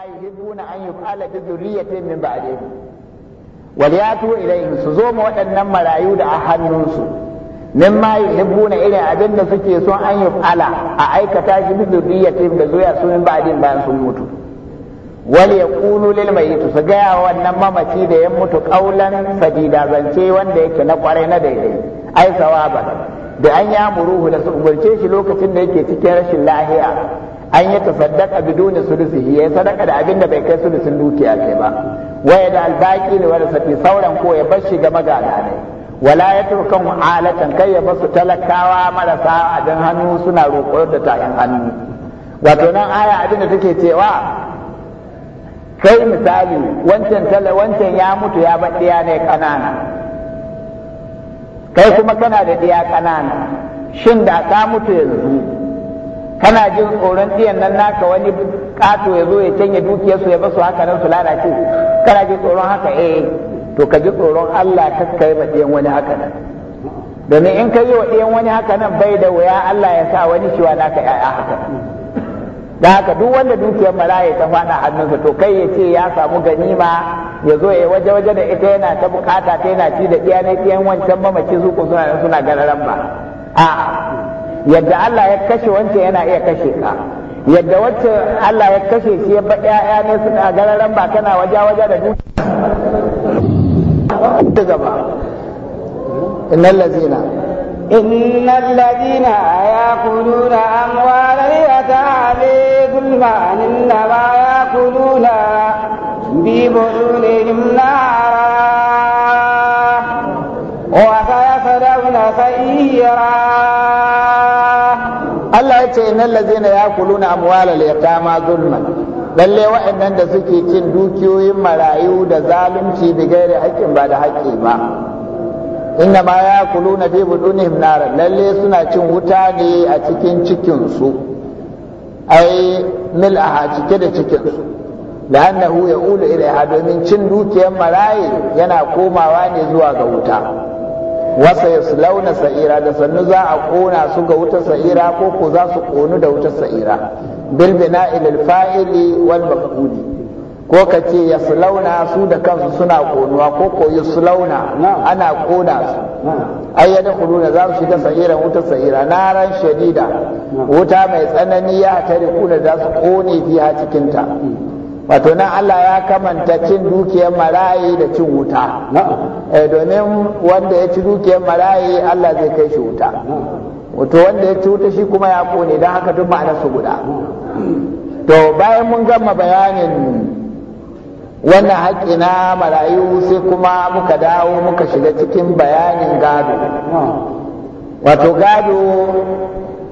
Mun maye dubuna anyi f min ba a daina. Wali ya tuwo idan waɗannan marayu da a hannunsu, mun maye dubuna idan suke so anyi f a aikata shi ta jirgin lya ta yi da zuwa sun yi ba bayan sun mutu. Wani ya ƙuno lilma su gaya wa wannan mamaci da ya mutu ƙaulan zance wanda yake na ƙwarai na daidai, ai sawa ba, da an yi da su ƙungurce shi lokacin da yake cikin rashin lahiya. an yi tasaddaka biduni sulusi ya sadaka da abin da bai kai sulusin dukiya kai ba waya da albaki ne wanda safi sauran ko ya bar shi ga magana ne wala ya turkan alatan kai ya basu talakawa marasa abin hannu suna roƙo da tayin hannu wato nan aya abinda da take cewa kai misali wancan tala wancan ya mutu ya bar diya ne kanana kai kuma kana da diya kanana shin da ka mutu yanzu kana jin tsoron ɗiyan nan naka wani ƙato ya zo ya canye dukiyarsu ya basu haka nan su lalace kana jin tsoron haka eh to ka ji tsoron Allah kai yi ɗiyan wani haka nan domin in ka yi wa ɗiyan wani haka nan bai da wuya Allah ya sa wani ciwa naka ya'ya haka da haka duk wanda dukiyar mala'ika ta faɗa hannunsa to kai ya ce ya samu ganima ya zo ya waje waje da ita yana ta bukata ta yana ci da ɗiya na ɗiyan wancan mamaci su suna suna gararan ba a'a yadda Allah ya kashe wancan yana iya kashe ka yadda wacce Allah ya kashe shi ya baɗi ‘ya'ya ne suna gararan ba kana waje-waje da duka gaba innan lazina إن الذين يأكلون أموال اليتامى ظلما إنما يأكلون في بطونهم نارا وسيصلون سيرا ya kulu na ladzina ya kama ma zulman lalle wa'annan da suke cin dukiyoyin marayu da zalunci da gairi haƙƙin ba da haƙƙi ba inna ma ya kulu na fi budunihim naran lalle suna cin wuta ne a cikin cikin su ai mil'aha cike da cikin su ya ulu ila domin cin dukiyar marayi yana komawa ne zuwa ga wuta wasa launa sa'ira da sannu za a kona su ga wutar sa'ira ko ko za su konu da wutar sa'ira bil bina'il fa'ili wal maf'uli ko ka ce yaslawna su da kansu suna konuwa ko ko launa ana kona su Ai ay da za su shiga sa'ira wutar sa'ira na ran shadida wuta mai tsanani ya tare kuna za su kone biya cikin hmm. wato nan Allah ya kamanta cin dukiyar marayi da cin wuta eh, domin wanda ya ci dukiyar marayi Allah zai kai shi wuta wato wanda ya ci wuta shi kuma ya kone don haka duk ma'anar su guda to bayan mun gama bayanin wannan haƙƙi na marayu sai kuma muka dawo muka shiga cikin bayanin gado wato gado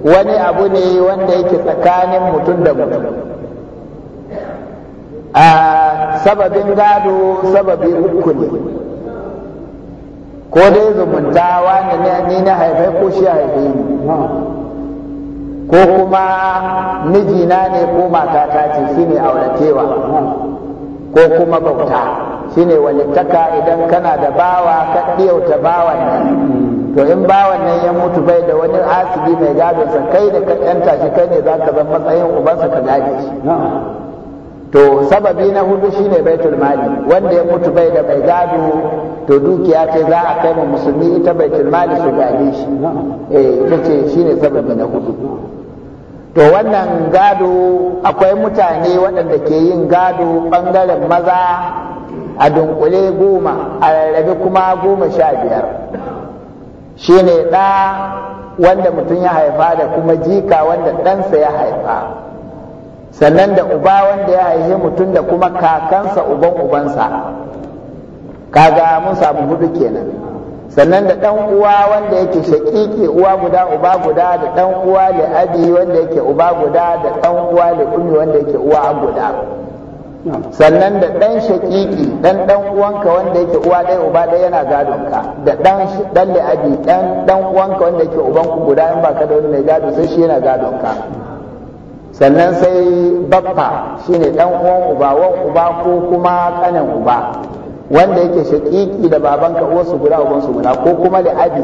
wani abu ne wanda yake tsakanin mutum da mutum a ah, sababin gado sababi uku ne ko dai zumunta wani ni na haifai ko shi haife ni ko kuma mijina ne ko matata ce ne auratewa ko kuma bauta shine walittaka idan kana da bawa ka ɗiyauta bawan nan to in bawan nan ya mutu bai da wani asibi mai gadonsa kai da ka yanta shi kai ne za ka zama matsayin ubansa ka gaji shi to sababi na hudu shine baitul mali wanda ya mutu bai da bai gado to dukiya ce za a kai ma musulmi ita baitul mali su gade shi eh ita ce shine sababi na hudu to wannan gado akwai mutane waɗanda ke yin gado ɓangaren maza a dunkule goma a rarrabe kuma goma sha biyar shine ɗa wanda mutum ya haifa da kuma jika wanda ɗansa ya haifa sannan da uba wanda ya haihe mutum da kuma kakansa uban ubansa kaga mun samu hudu kenan sannan da ɗan uwa wanda yake shaƙiƙi uwa guda uba guda da ɗan uwa da abi wanda yake uba guda da ɗan uwa da kunni wanda yake uwa guda sannan da ɗan shaƙiƙi ɗan ɗan uwanka wanda yake uwa ɗaya uba ɗaya yana gadonka da ɗan ɗan da abi ɗan ɗan uwanka wanda yake uban ku guda in ka da wani mai gado sai shi yana gadonka sannan sai baffa shine ɗan uwan uba wan uba ko kuma ƙanan uba wanda yake shaƙiƙi da babanka uwarsu guda ubansu guda ko kuma da abi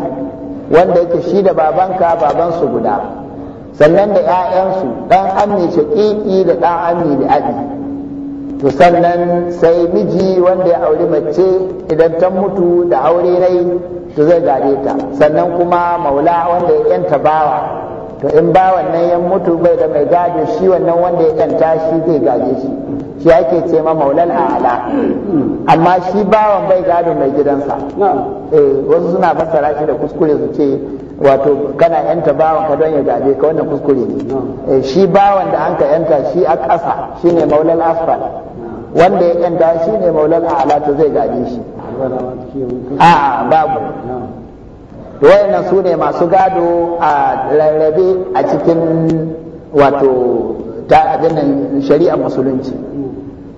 wanda yake shi da babanka babansu guda sannan da 'ya'yansu ɗan amni shaƙiƙi da ɗan amni da abi to sannan sai miji wanda ya auri mace idan ta mutu da aure rai to zai gare ta sannan kuma maula wanda ya yanta bawa to in ba wannan ya mutu bai da mai gado shi wannan wanda ya kanta shi zai gaje shi shi ake ce ma maulal ala amma shi bawan bai gado mai gidansa eh wasu suna fassara shi da kuskure su ce wato kana yanta bawan ka don ya gaje ka wannan kuskure ne eh, shi bawan da an ka yanta shi a ƙasa shine maulal asfal wanda ya kanta shine maulal ala to zai gaje shi a babu wayannan su ne masu gado a rarrabe a cikin wato ta abin shari'ar musulunci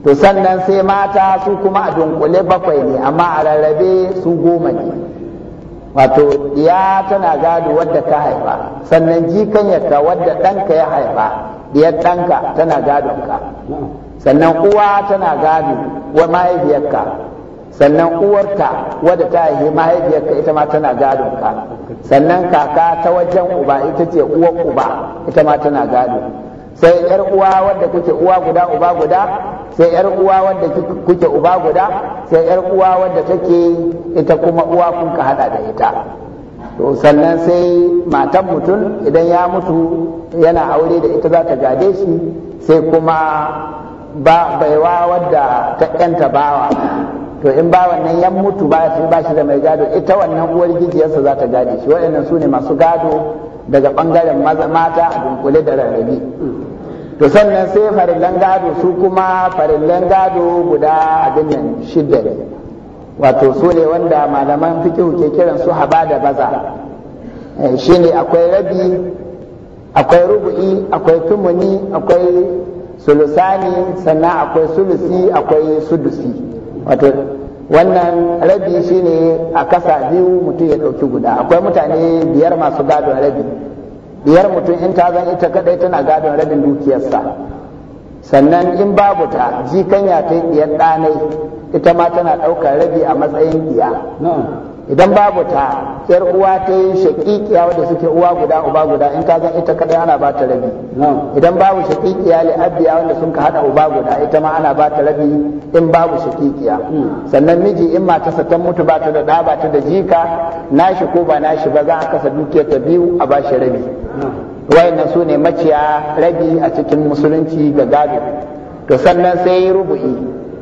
to sannan sai mata su kuma a dunkule bakwai ne amma a rarrabe su goma ne wato ya tana gado wadda ka haifa sannan yadda wadda ɗanka ya haifa diyar ɗanka tana gadonka sannan uwa tana gado wa mahaifiyarka sannan uwarka wadda ta yi mahaifiyarka ita ma tana gado ka sannan kaka ta wajen uba ita ce uwar uba ita ma tana gado sai yar uwa wadda kuke uwa guda uba guda sai yar uwa wadda kuke uba guda sai yar uwa wadda take ita kuma uwa kun ka hada da ita to sannan sai matan mutum idan ya mutu yana aure da ita za ta gade shi sai kuma ba baiwa wadda ta yanta bawa to in ba wannan yan mutu ba shi ba shi da mai gado ita wannan uwar gijiyarsa za ta gade shi waɗannan su ne masu gado daga ɓangaren mata a dunkule da rarrabi to sannan sai farillan gado su kuma farillan gado guda abin nan shidda ne wato su ne wanda malaman fikihu ke kiran su haba da baza eh, ne akwai rabi akwai rubu'i akwai tumuni akwai sulusani sannan akwai sulusi akwai sudusi wato wannan rabi shine a kasa biyu mutum ya ɗauki guda akwai mutane biyar masu gadon rabi biyar mutum in ta zan ita kaɗai tana gadon rabin dukiyarsa sannan in babu ta jikanya ta yi ɗanai ita ma tana ɗaukar rabi a matsayin diya idan babu ta yar uwa ta yi shaƙiƙiya wadda suke uwa guda uba guda in ka ita kadai ana ba ta rabi idan babu shaƙiƙiya li abiya wanda sun ka hada uba guda ita ma ana ba ta rabi in babu shaƙiƙiya hmm. sannan miji in matarsa ta mutu ba ta da daba ta da jika nashi ko ba nashi ba za a kasa dukiyar ta biyu a ba shi rabi wayannan su ne maciya rabi a cikin musulunci ga gado to sannan sai rubu'i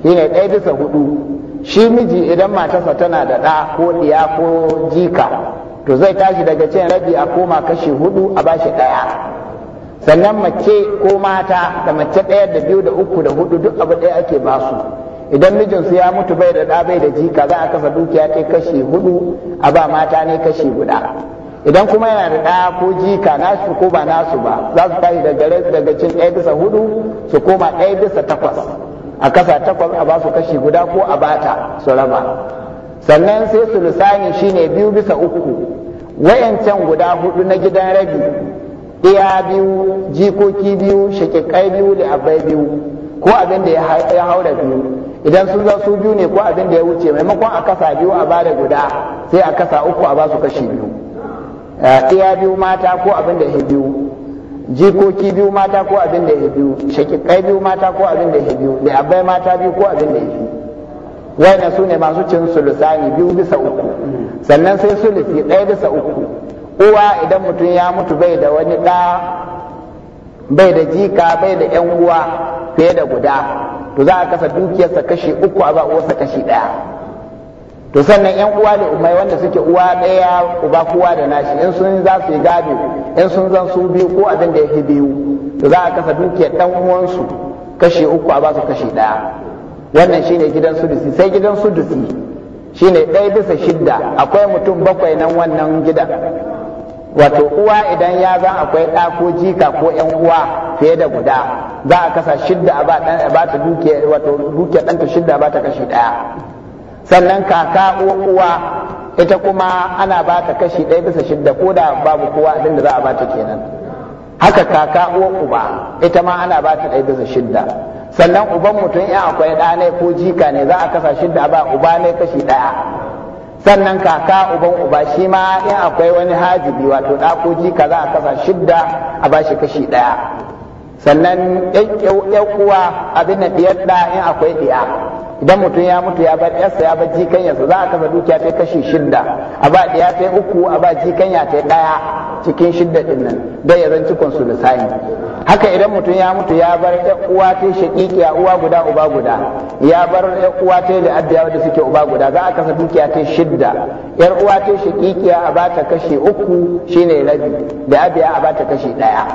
shine ɗaya bisa hudu shi miji idan matarsa tana da ɗa ko ɗiya ko jika to zai tashi daga cin rabi a koma kashi hudu a bashi ɗaya sannan mace ko mata da mace ɗaya da biyu da uku da hudu duk abu ɗaya ake ba su. idan mijinsu ya mutu bai da ɗa bai da jika za a kasa dukiya ta kashi hudu a ba mata ne kashi guda idan kuma yana da ɗa ko jika nasu ko ba nasu ba za su tashi daga cin ɗaya bisa hudu su koma ɗaya bisa takwas a kasa takwas a basu kashi guda ko a bata su raba sannan sai su shi ne biyu bisa uku wayancan guda hudu na gidan rabi iya biyu jikoki biyu shakikai biyu da abai biyu ko abin da ya haura biyu idan sun za su biyu ne ko abin da ya wuce maimakon a kasa biyu a bada guda sai a kasa uku a basu kashi biyu eh, iya biyu mata ko abin da ya biyu jikoki biyu mata ko abin da ya biyu shakikai biyu mata ko abin da ya biyu da abai mata biyu ko abin da ya biyu wayna su ne masu cin sulusani biyu bisa uku sannan sai sulusi ɗaya bisa uku uwa idan mutum ya mutu bai da wani ɗa bai da jika bai da yan uwa fiye da guda to za a kasa dukiyarsa kashi uku a ba uwarsa kashi ɗaya to sannan yan uwa da umai wanda suke uwa ɗaya uba kowa da nashi in sun za su yi gado in sun zan su biyu ko abin da yake biyu to za a kasa dukiyar dan uwansu kashe uku a ba su kashe ɗaya wannan shine gidan sudusi sai gidan sudusi shine ɗaya bisa shidda akwai mutum bakwai nan wannan gidan wato uwa idan ya zan akwai ɗa ko jika ko yan uwa fiye da guda za a kasa shidda a ba ta dukiyar wato dukiyar ɗanta shidda ba ta kashe ɗaya sannan kaka uwa ita kuma ana ba ta kashi ɗaya bisa shidda ko da babu kowa abin da za a ba ta kenan haka kaka uwa uba ita ma ana ba ta ɗaya bisa shidda sannan uban mutum in akwai ɗa ne ko jika ne za a kasa shidda ba uba ne kashi ɗaya sannan kaka uban uba shi ma in akwai wani hajibi wato ɗa ko jika za a kasa shidda a ba shi kashi ɗaya sannan yan uwa abin da ɗiyar ɗa in akwai ɗiya idan mutum ya mutu ya bar yarsa ya bar jikanyarsa za a kafa dukiya ta kashi shidda a ba ɗaya ta uku a ba jikanya ta ɗaya cikin shidda ɗin nan don ya zanci su lisani haka idan mutum ya mutu ya bar ya uwa ta shaƙiƙiya uwa guda uba guda ya bar ya uwa ta da wanda suke uba guda za a kasa dukiya ta shidda 'yar uwa ta shaƙiƙiya a ba ta kashi uku shine rabi da abiya a ba ta kashi ɗaya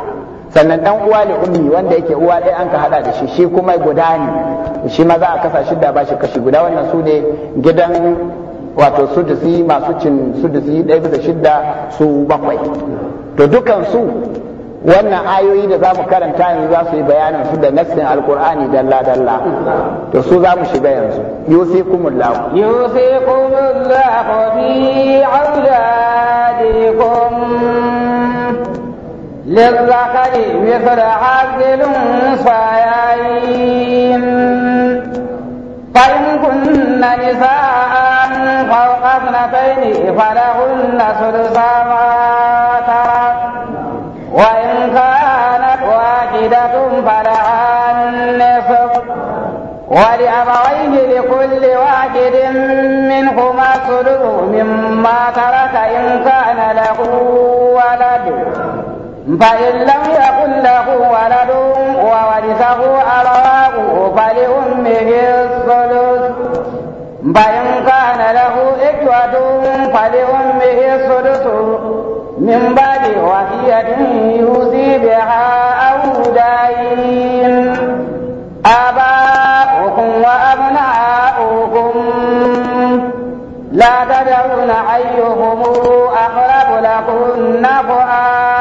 sannan dan uwa da ummi wanda yake uwa ɗaya an ka hada da shi shi kuma guda ne shi ma za a kasa shi da bashi kashi guda wannan su ne gidan wato sudusi masu cin sudusi ɗaya bisa shidda su bakwai to dukan su wannan ayoyi da za mu karanta yanzu za su yi bayanin su da nassin alkur'ani dalla dalla to su za mu shiga yanzu yusikumullahu yusikumullahu fi auladikum للذكر مثل حظ الأنثيين فإن كن نساء فوق اثنتين فلهن ثلثا ما ترك وإن كانت واحدة فلها النصف ولأبويه لكل واحد منهما الثلث مما ترك إن كان له ولد فإن لم يكن له ولد وورثه أراه فلأمه الثلث فإن كان له إخوة فلأمه السدس من بعد وصية يوصي بها أو دين آباؤكم وأبناؤكم لا تدرون أيهم أقرب لكم نفعا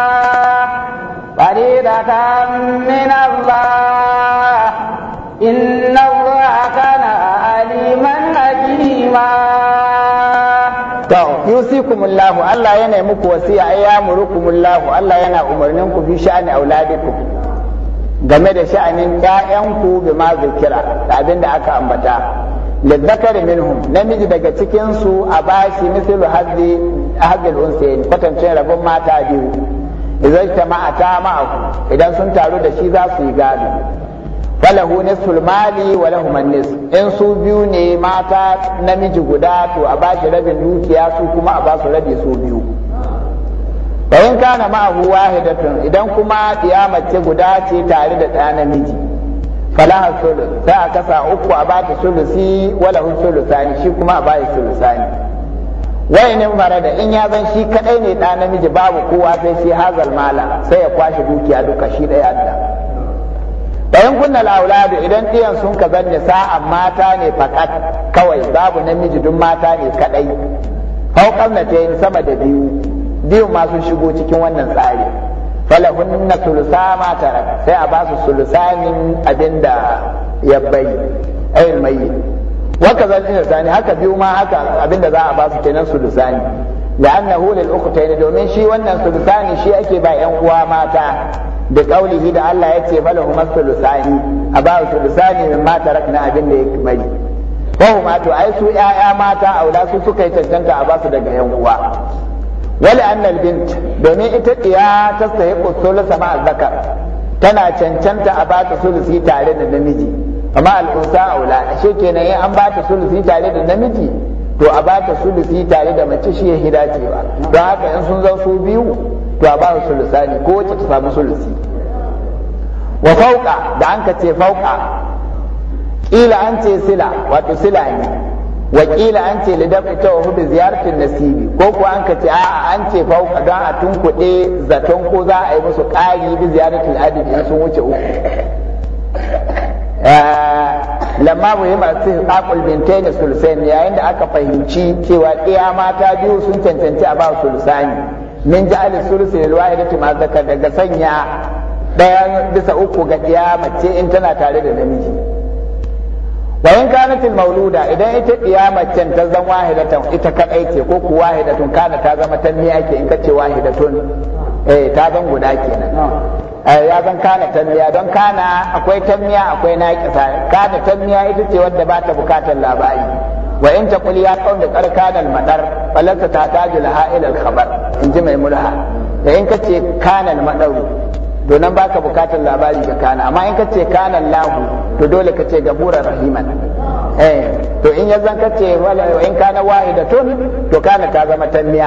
من الله إن الله كان عليما حكيما yusikumullahu Allah yana muku wasiya ai ya murukumullahu Allah yana umarnin ku fi sha'ani auladikum game da sha'anin ƴaƴanku bi ma zikira da abin da aka ambata zakari minhum namiji daga cikinsu a bashi mislu haddi hadil unsayin kwatancin rabon mata biyu idan jama'ata ku. idan sun taru da shi za su yi gado falahu nisful mali wa lahum nis in su biyu ne mata namiji guda to a bashi rabin dukiya su kuma a basu rabi su biyu fa in kana ma'ahu wahidatun idan kuma mace guda ce tare da ɗa namiji falaha sulus sai a kasa uku a bata sulusi wala lahum sulusani shi kuma a bashi sulusani wayanin mara da in ya zan shi kadai ne da namiji babu kowa sai shi hazal mala sai ya kwashe dukiya duka shi daya da bayan kunna lauladu idan ɗiyan sun ka zanne sa'an mata ne fakat kawai babu namiji duk mata ne kadai hau na ta sama da biyu biyu ma sun shigo cikin wannan tsari falahunna sulusa ma sai a ba su abin abinda ya bai ayin mai waka zan ina sani haka biyu ma haka abinda za a ba su kenan su lisani uku lil ukhtayn domin shi wannan sulusani shi ake ba yan uwa mata da kaulihi da Allah ya ce falahu masulusani a ba sulusani min ma tarakna abin da ya bari wahu ma to ai su yaya mata aula su suka yi tantanta a ba daga yan uwa wala annal domin ita ce ya sahiqu sulusa ma tana cancanta a ba ta sulusi tare da namiji amma al'unsa wula a kenan ya an ba ta sulusi tare da namiji to a ba ta sulusi tare da mace shi ya ba don haka in sun zan su biyu to a ba su ne ko wacce ta samu sulusi wa fauka da an ka ce fauka kila an ce sila wato sila ne wa kila an ce lidaf ita wa hudu ziyartar nasibi ko ko an ka ce a an ce fauka don a tunkuɗe zaton ko za a yi musu ƙari bi ziyartar adadi sun wuce uku Eh, lamma mu yi masu bintai da sulsain yayin da aka fahimci cewa ɗaya mata biyu sun cancanci a ba sulsani min ji ali sulsi da wahidati ma zakar daga sanya ɗaya bisa uku ga ɗaya mace in tana tare da namiji wa in mauluda idan ita ɗaya mace ta zama wahidatan ita kaɗai ce ko ku wahidatun kana ta zama tanni ake in ka ce wahidatun eh ta zan guda kenan Eh, ya zan kana tammiya don kana akwai tammiya akwai naƙisa kana tammiya ita ce wadda ba ta bukatar labari wa in ta kuli ya kaun da karkanal madar balanta ta tajul ha'il al khabar in ji mai mulha da in kace kanal madaru donan baka bukatar labari ga kana amma in ka ce kana lahu to dole ka ce gaburar rahiman eh to in yanzu ka ce wala in kana wahidatun to kana ta zama tanniya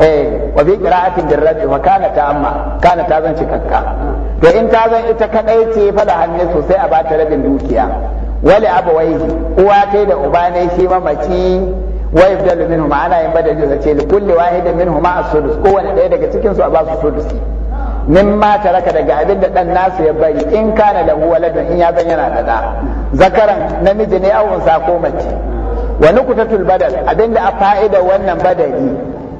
eh wa bi qira'atin dirrabi wa kana ta amma kana ta zan cikakka to in ta zan ita kadai ce fa da hannu sosai a bata rabin dukiya wala abawai uwa tai da uba ne shi mamaci ويبدل منهما أنا ينبدل جزء لكل واحد منهما daga cikin su a ba su sudusi mimma taraka daga abin da dan nasu ya bari in kana lahu waladun in ya zan yana da da zakaran namiji ne awun sa ko mace wa nukutatul badal abinda a fa'ida wannan badali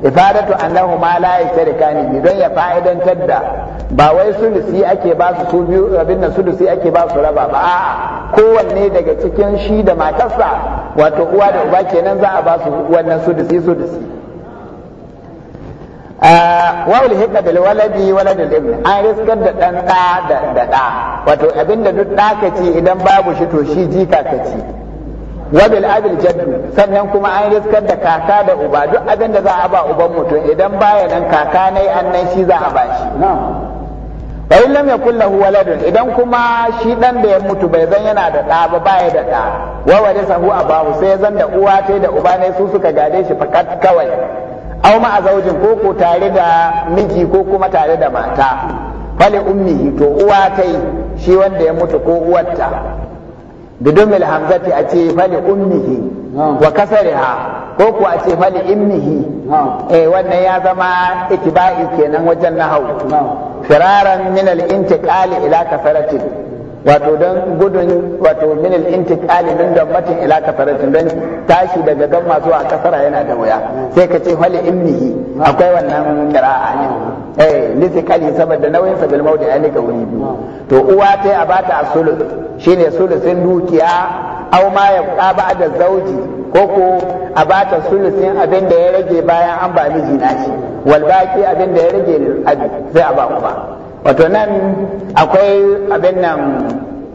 ifadatu annahu ma la yashtarikani don ya fa'idantar da ba wai sulusi ake ba su su biyu abin nan sulusi ake ba su raba ba a'a kowanne daga cikin shi da matarsa wato uwa da uba kenan za a ba su wannan sulusi sulusi wawul hidda waladi waladul ibn an riskar da dan da da da wato abinda duk da ka ci idan babu shi to shi jika ka ci wa abil jaddu sannan kuma an riskar da kaka da uba duk abinda za a ba uban mutum idan baya nan kaka nai annan shi za a ba shi wa in lam yakul lahu waladun idan kuma shi dan da ya mutu bai zan yana da da ba baya da da wa warisa hu abahu sai zan da uwa tai da uba ne su suka gade shi fakat kawai aw ma zaujin ko ko tare da miji ko kuma tare da mata fali ummihi to uwa kai shi wanda ya mutu ko uwarta bidumil hamzati a ce fali ummihi wa kasariha ko ko a ce fali immihi eh wannan ya zama itiba'i kenan wajen nahawu firaran min al-intiqali ila kasaratin wato don gudun wato min al-intiqali min dammatin ila kafaratin don tashi daga masu a kasara yana da wuya sai ka ce hali imnihi akwai wannan qira'a ne eh litikali saboda nauyin sa bil mawdi alika wuri biyu to uwa ta a bata asulul shine sulusin dukiya aw ma ya da ba'da zauji ko a bata sulusin abin da ya rage bayan an ba miji naci wal baki abin da ya rage ne sai a ba uba wato nan akwai abin nan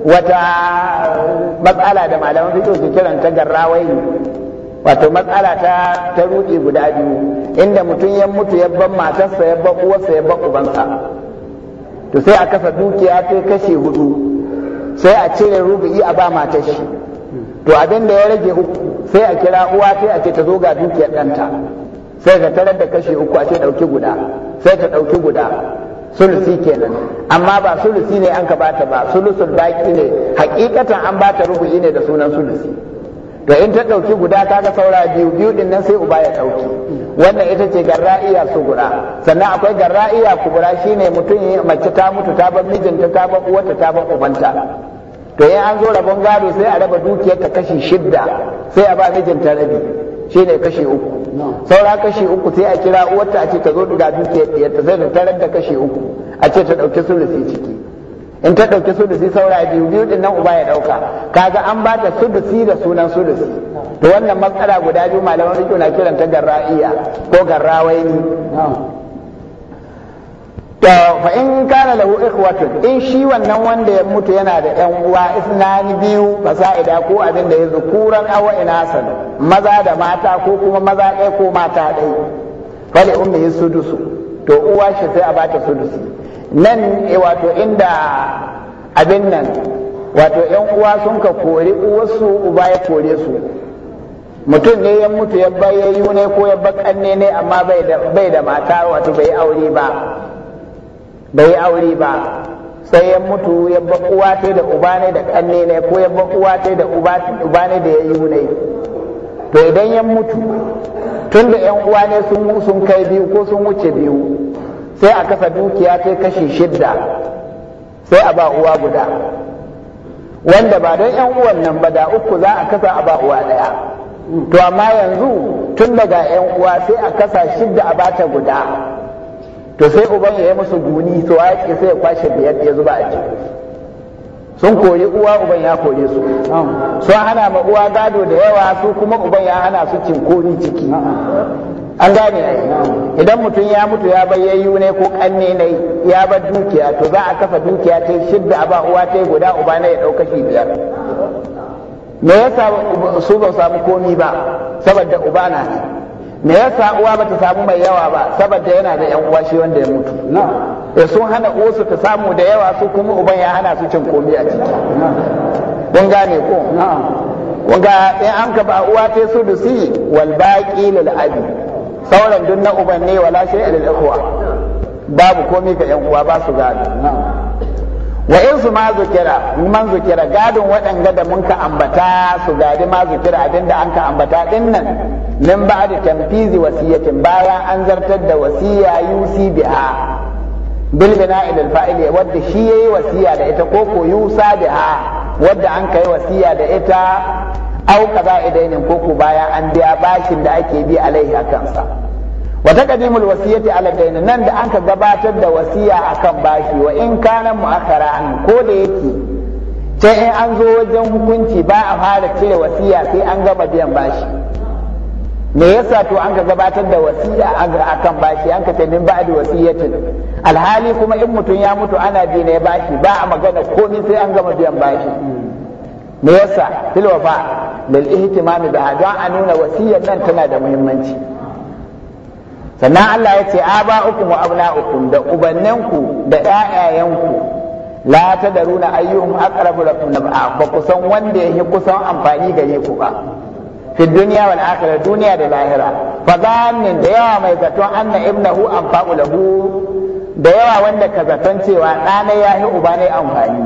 wata matsala da malaman fito su kiran ta garrawai wato matsala ta ta ruɗe guda biyu inda mutum ya mutu ya ban matarsa ya ban uwarsa ya ban ubansa to sai a kasa dukiya kai kashe hudu sai a cire rubu'i a ba matar shi to abin da ya rage uku sai a kira uwa sai a ce ta zo ga dukiyar ɗanta sai ka tarar da kashe uku a ce ɗauki guda sai ta ɗauki guda sulusi kenan amma ba sulusi ne an ka bata ba sulusul baki ne hakikatan an bata rubu'i ne da sunan sulusi to in ta dauki guda kaga saura biyu biyu din nan sai uba ya dauki wannan ita ce garra'iya guda, sannan akwai garra'iya kubura shine mutum mace ta mutu ta bar mijinta ta bar uwarta ta bar ubanta to in an zo rabon gado sai a raba dukiyar ta kashi shidda sai a ba mijinta rabi shine kashi uku saura kashi uku sai a kira uwarta a ce ta zo daga dukiyar diyarta sai ta tarar da kashi uku a ce ta ɗauki sulusi ciki in ta ɗauki sulusi saura biyu biyu din nan uba ya ɗauka ga an ba ta sulusi da sunan sulusi to wannan matsala guda biyu malaman riko na kiranta garra'iya ko ne to fa in kana lahu ikhwatun in shi wannan wanda ya mutu yana da yan uwa isnani biyu fasa'ida ko abin da ya zukuran awa san maza da mata ko kuma maza ɗaya ko mata ɗaya fali ummi yusudusu to uwa shi sai a bata sudusu nan eh, wato inda abin nan wato yan uwa sun ka kori uwarsu uba ya kore su mutum ne ya mutu ya bayyayu ne ko ya bakanne ne amma bai da mata wato bai aure ba bai aure ba sai ya mutu ya ba uwa ta da uba ne da kanne ne ko ya ba uwa ta da uba ne da yayi ne to idan ya mutu tunda yan uwa ne sun sun kai biyu ko sun wuce biyu sai a kasa dukiya ta kashi shidda sai a ba uwa guda wanda ba don yan uwan nan ba da uku za a kasa a ba uwa daya to amma yanzu tun daga yan uwa sai a kasa shidda a bata guda to sai uban ya yi musu guni to ya yake sai ya kwashe biyar ya zuba a ciki sun kori uwa uban ya kore su sun hana ma uwa gado da yawa su kuma uban ya hana su cinkoni ciki an gane idan mutum ya mutu ya bar yayyu ne ko kanne ne ya bar dukiya to za a kafa dukiya ta shidda a ba uwa ta guda uba na ya dauka shi biyar me yasa su ba samu komi ba saboda uba na ne me yasa uwa bata samu mai yawa ba saboda yana da yan uwa shi wanda ya mutu da eh, sun hana uwarsu ta samu da yawa su kuma uban ya hana su cin komi a ciki kun gane ko kun ga in an ka ba uwa ta su si wal baqi lil abi sauran duk na uban ne wala shay'a lil ikhwa babu komi ga yan uwa ba su gado wa in su ma zukira man zukira gadin waɗanga da mun ka ambata su gadi ma zukira da an ka ambata din nan min ba da tamfizi wasiyatin bayan an zartar da wasiya yusi biha bil bina'i lil fa'ili wadda shi yayi wasiya da ita ko ko yusa biha wadda an kai wasiya da ita au kaza idainin ko ko bayan an biya bashin da ake bi alaihi sa. wa kadimul wasiyati ala dayn nan da anka gabatar da wasiya akan bashi wa in kana mu'akhara an ko da yake sai in an zo wajen hukunci ba a fara cire wasiya sai an gama biyan bashi me yasa to an ka gabatar da wasiya akan bashi an ka ce min ba'di wasiyatin alhali kuma in mutum ya mutu ana bi bashi ba a magana komai sai an gama biyan bashi me yasa tilwafa lil ihtimami biha don a nuna wasiyar nan tana da muhimmanci sannan Allah ya ce uku wa uku da ubanninku da ƴaƴayenku la runa ayyuhum aqrabu lakum nab'a ba ku san wanda yake kusan amfani gare ku ba fi duniya wal akhirah duniya da lahira fa zannin da yawa mai zaton anna ibnahu anfa'u lahu da yawa wanda ka zaton cewa ɗana ya yi uba ne amfani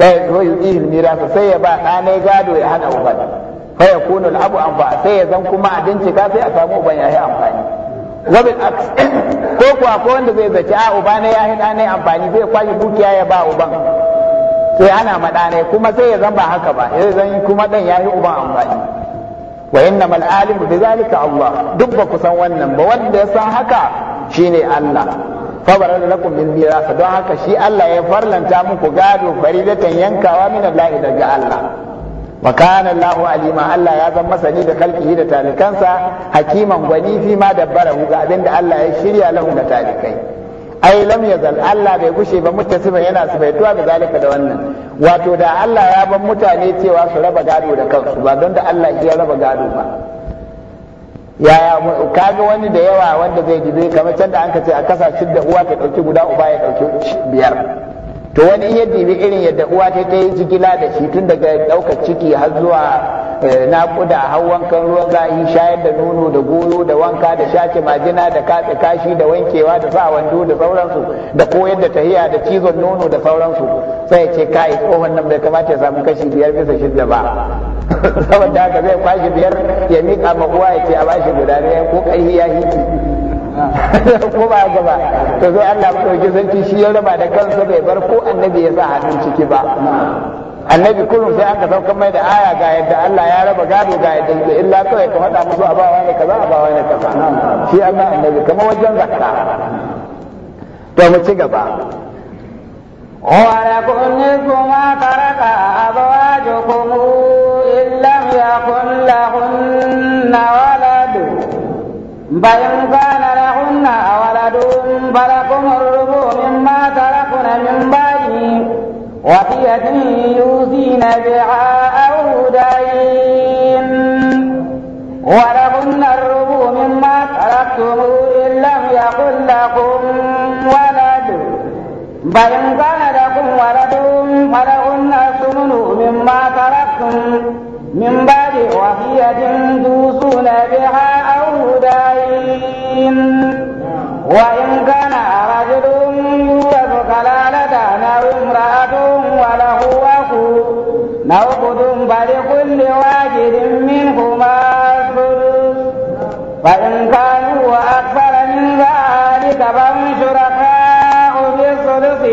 bai zo yi mira sai ya ba dana gado ya hana uba fa kuna al-abu anfa sai ya zan kuma a bincika sai a samu uban yayi amfani wabil aks ko kuwa ko wanda zai zaci a uba ne yayi da ne amfani zai kwashi dukiya ya ba uban sai ana mada ne kuma sai ya zan ba haka ba sai zan kuma dan yayi uban amfani wa alim alimu zalika Allah duk ba ku san wannan ba wanda ya san haka shine Allah fabarar da lakum min mirasa don haka shi Allah ya farlanta muku gado faridatan yankawa min Allah daga Allah wa kana Allahu alima Allah ya zama masani da kalkihi da talikansa hakiman gwani fi ma dabbarahu ga abin da Allah ya shirya lahu da talikai ai lam yazal Allah bai gushe ba muttasiba yana tuwa ga zalika da wannan wato da Allah ya ban mutane cewa su raba gado da kansu ba don da Allah ya raba gado ba yaya kaga wani da yawa wanda zai dibe kamar can da an ka ce a kasa da uwa ta dauki guda uba ya dauki biyar to wani ya dibi irin yadda uwa ta ta yi jigila da shi tun daga ɗaukar ciki har zuwa eh, naƙuda har wankan ruwan zahi shayar da nono da goyo da wanka da shace majina da katse kashi da wankewa da sa wando da sauransu da koyar da tahiya da cizon nono da sauransu sai ya ce kai tsohon nan bai kamata ya samu kashi biyar bisa shidda ba saboda haka zai kwashi biyar ya miƙa ma uwa ya ce a bashi guda ɗaya ko ƙarfi ya hiti ko gaba to sai Allah zanci shi ya raba da kansa bai bar ko annabi ya sa hannun ciki ba annabi kullum sai aka saukar mai da aya ga yadda Allah ya raba gado ga yadda zai illa kawai ka faɗa musu abawa ne kaza bawa ne kaza shi Allah annabi kamar wajen zakka to mu ci gaba ولكم نصف ما ترك أزواجكم إن لم يكن لهن ولد فإن لنا ولد فلكم الربع مما تركنا من بعده وصية يوصين بها أو دين ولهن الربع مما تركتم إن لم يكن لكم ولد فإن كان لكم ولد فلهن الثمن مما تركتم من بعد وصية توصون بها أو دين وإن كان رجل يورث كلالة أو امرأة وله أخو نوقد فلكل واحد منهما الثلث فإن كانوا أكثر من ذلك فهم شركاء بالثلث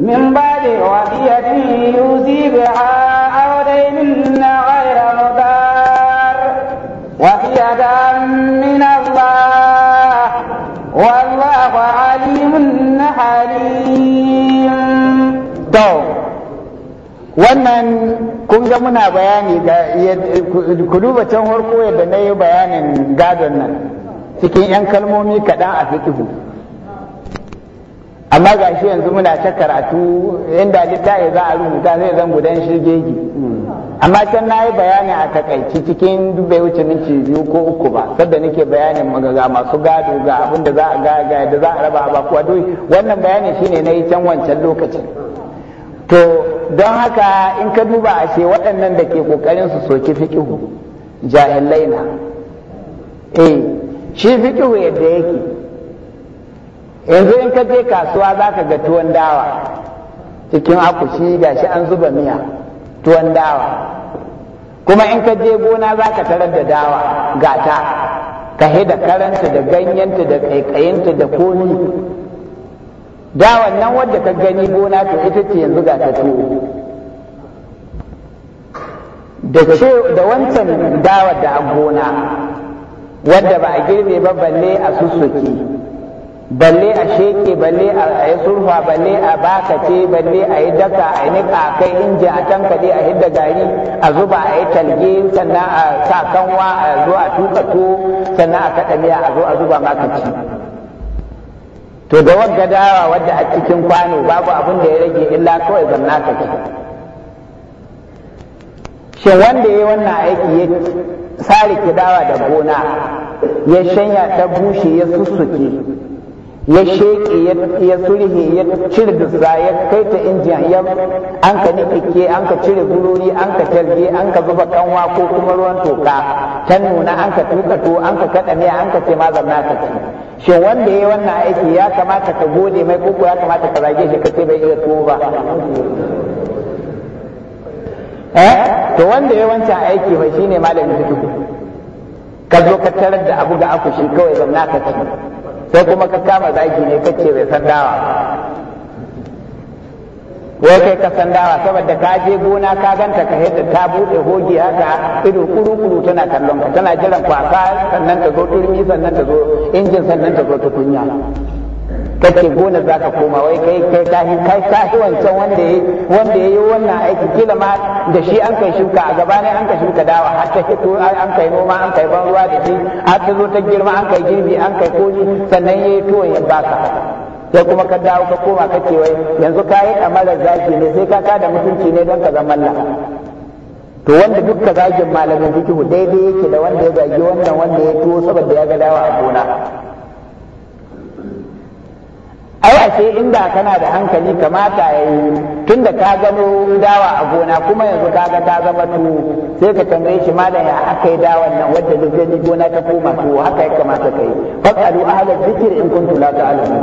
من بعد وصية يوصي بها الله عليم حليم wannan kun ga muna bayani ku duba can farko yadda na yi bayanin gadon nan cikin 'yan kalmomi kaɗan a fiƙihu amma ga shi yanzu muna ta karatu inda littafi za a rubuta zai zan gudan shirgegi amma can na yi bayani a takaici cikin bai wuce minti biyu ko uku ba sadda nake bayanin magaga masu gado ga abin da za a gaga da za a raba ba kuwa duk wannan bayani shine na yi can wancan lokacin to don haka in ka duba a ce waɗannan da ke ƙoƙarin su soki fiƙihu jahilai na eh shi fiƙihu yadda yake yanzu in ka je kasuwa za ka ga tuwon dawa cikin akushi shi an zuba miya tuwon dawa kuma in ka je gona za ka tarar da dawa gata ka da karanta da ganyenta da kaikayinta da komi dawan nan wadda ka gani gona to ita ce yanzu ga ta tuwo da wancan dawa da a gona wadda ba a girbe ba balle a sussuki balle a sheke balle a yi surfa balle a baka ce, balle a yi daka a yi nika kai inji a tankade a hidda gari a zuba a yi talge sannan a sa kanwa a zo a tuka to sannan a kaɗa miya a zo a zuba ci to da wadda dawa wadda a cikin kwano babu abin da ya rage illa kawai zanna ka ci shin wanda ya yi wannan aiki ya sare kidawa da gona ya shanya ta bushe ya sussuke ya sheke ya sulhe ya cire dusa ya kai ta injin ya an ka nikike an ka cire gurori an ka talge an ka zuba kanwa ko kuma ruwan toka ta nuna an ka tuka to an ka kaɗa ne an ka ce ma zanna ka ci shin wanda ya yi wannan aiki ya kamata ka gode mai koko ya kamata ka zage shi ka ce bai iya tuwo ba eh, to wanda ya wancan aiki ba shine malamin fituku ka zo ka tarar da abu ga aku shi kawai zanna ka ci sai kuma ka kama zaki ne kace bai san dawa ko kai ka san dawa saboda ka je gona ka ganta ka hita ta bude hoge haka ido kuru-kuru tana kallon ka tana jiran kwasa sannan ta zo turmi sannan ta zo injin sannan ta zo tukunya kake gona za ka koma wai kai kai kahi kai kahi wancan wanda ya wanda ya yi wannan aiki kila ma da shi an kai shuka a gaba ne an kai shuka dawa har ta hito an kai noma an kai ban ruwa da shi har ta zo ta girma an kai girbi an kai koni sannan ya yi tuwon ya baka sai kuma ka dawo ka koma kake wai yanzu ka yi amala zaki ne sai ka kada mutunci ne don ka zama to wanda dukka zagin malamin fikihu daidai yake da wanda ya zagi wannan wanda ya tuwo saboda ya ga dawa a gona ai ashe inda kana da hankali kamata ya yi tunda ka gano dawa a gona kuma yanzu ga ta zama tuwo sai ka tambaye shi malam ya aka yi dawan nan wadda duk gani gona ta koma tuwo haka ya kamata ka yi fasalu ahla zikir in kuntum la ta'lamun